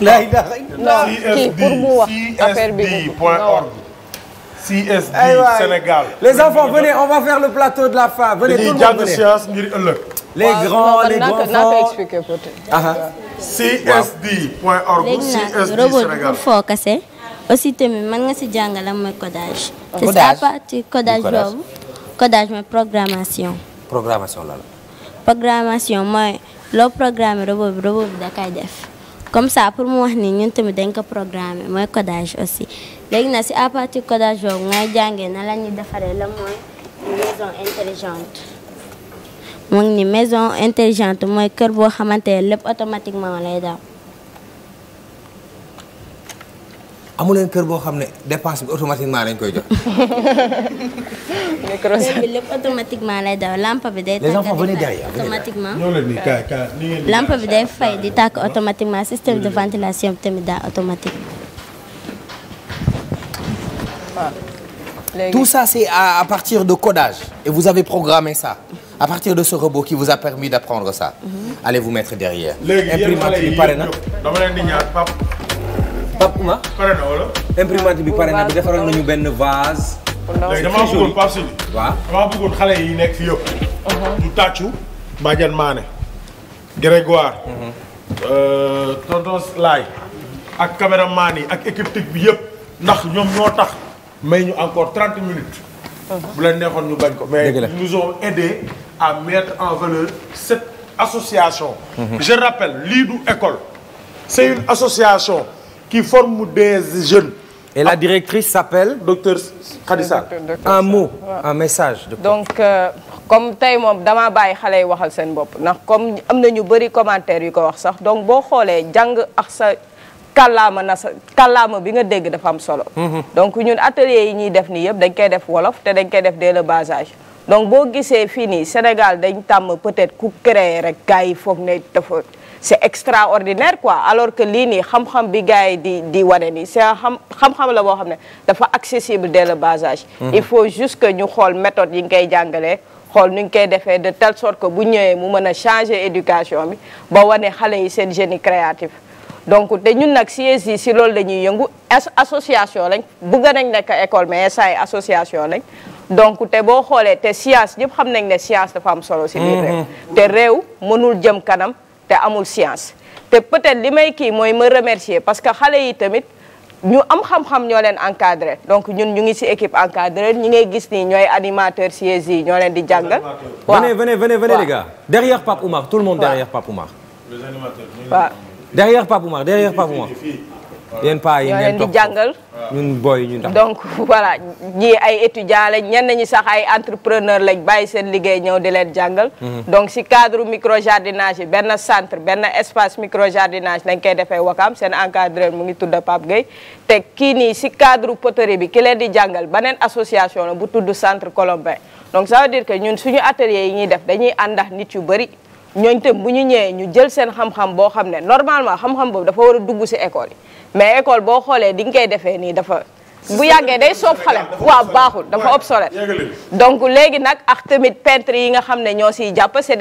laa ilaha illallah non kii wax CSD les enfants venez on va faire le plateau de la femme le monde venez science ngir les grands les grands enfants ah, ah. CSD.org CSD kase aussi tamit nga si jàngale mooy codage. Ah, codage c'est à partir codage boobu. codage mooy programmation. programmation la programmation mooy loo programme robot bi robot comme ça pour mu wax ni ñun tamit dañ ko programmé mooy codage aussi léegi nag si à partir codage boobu ngay jàngee na la ñuy defaree la mooy maison intelligente mu maison intelligente mooy kër boo xamante ne lépp automatiquement lay daw amu leen kër boo xam ne dépense bi automatiquement lañ koy jox. micro bi lépp automatiquement lay daw lampe bi day. tàkk di fay les enfants venez derrière automatiquement. lampe bi day fay di tàkk automatiquement système de ventilation bi tamit daa automatique. tout ça c'est à partir de codage. et vous avez programmé ça. à partir de ce robot qui vous a permis d'apprendre ça. Mhm. allez vous mettre derrière. imprimantes yi pare na léegi yéen Pape pare na wala. imprimante bi pare na bi defaroon nañu benn vase. léegi damaa bëggoon Pape Sidi. waaw xale yi nekk fi yëpp. ñu uh-huh. tàccu. Badiane Mané. Grégoire. Euh, tonton Laay. ak caméraman yi ak équipe technique bi yëpp. ndax ñoom ñoo tax. may ñu encore trente minutes. Uh-huh. bu leen neexoon ñu bañ ko. mais nous ont aidé à mettre en valeur cette association. Uh-huh. je rappelle lii du école. c'est une association. qui forment des jeunes. Et la directrice s'appelle docteur Khadissa un mot un message. donc euh, comme tey moom damaa bàyyi xale yi waxal seen bopp ndax comme am na ñu bëri commentaire yu ko wax sax donc boo xoolee jàng ak sa kàllaama na sa kallaama bi nga dégg dafa am solo. Mhm. donc ñun atelier yi ñuy def nii yëpp dañ koy def wolof te dañ koy def dès basage donc boo gisee fii nii Sénégal dañ tàmm peut-être ku créer rek gars yi foog ne dafa. c'est extraordinaire quoi alors que lii nii xam-xam bi gars yi di di wane nii c'est xam xam la boo xam ne dafa accessible dès le basage mhm. il faut juste que ñu xool méthode yi nga koy jàngalee. xool nu ñu koy defee de telle sort que bu ñëwee mu mën a changer éducation bi ba wane xale yi seen génie créatif. donc te ñun nag siège yi si lool la ñuy yëngu association lañ bëgg nañ nekk école mais SAE association lañ. donc te boo xoolee te science ñëpp xam nañ ne science dafa am solo. si biir mhm. te réew mënul jëm kanam. te amul science te peut-être li may kii mooy ma remercier parce que xale yi tamit ñu am xam-xam ñoo leen encadré donc ñun ñu ngi ci équipe encadré ñi ngay gis ni ñooy animateur siège yi ñoo leen di jàngal. waaw venez venez venez venez les gars. derrière Pape Oumar tout le monde derrière Pape Oumar. les animateurs derrière Pape Oumar yéen paa yi ngeen di jàngal ñun booy ñu tax donc voilà ñii ay étudiants lañ ñenn ñi sax ay entrepreneur lañ bàyyi seen liggéey ñëw di leen jàngal mhm. donc si cadre micro jardinage yi benn centre benn espace micro jardinage lañ koy defee Wakaam seen encadre mu ngi tudd Pape Gueye te kii nii si cadre poterie bi ki leen di jàngal beneen association la bu tudd centre Colombin donc ça veut dire que ñun suñu atelier yi ñuy def dañuy ànd ak nit yu bëri ñooñu tam bu ñu ñëwee ñu jël seen xam boo xam ne normalement xam boobu dafa war a dugg si école yi mais école boo xoolee di nga koy defee nii dafa bu yàggee day soob xale waaw baaxul dafa obsolète donc léegi nag ak tamit peintre yi nga xam ne ñoo siy jàpp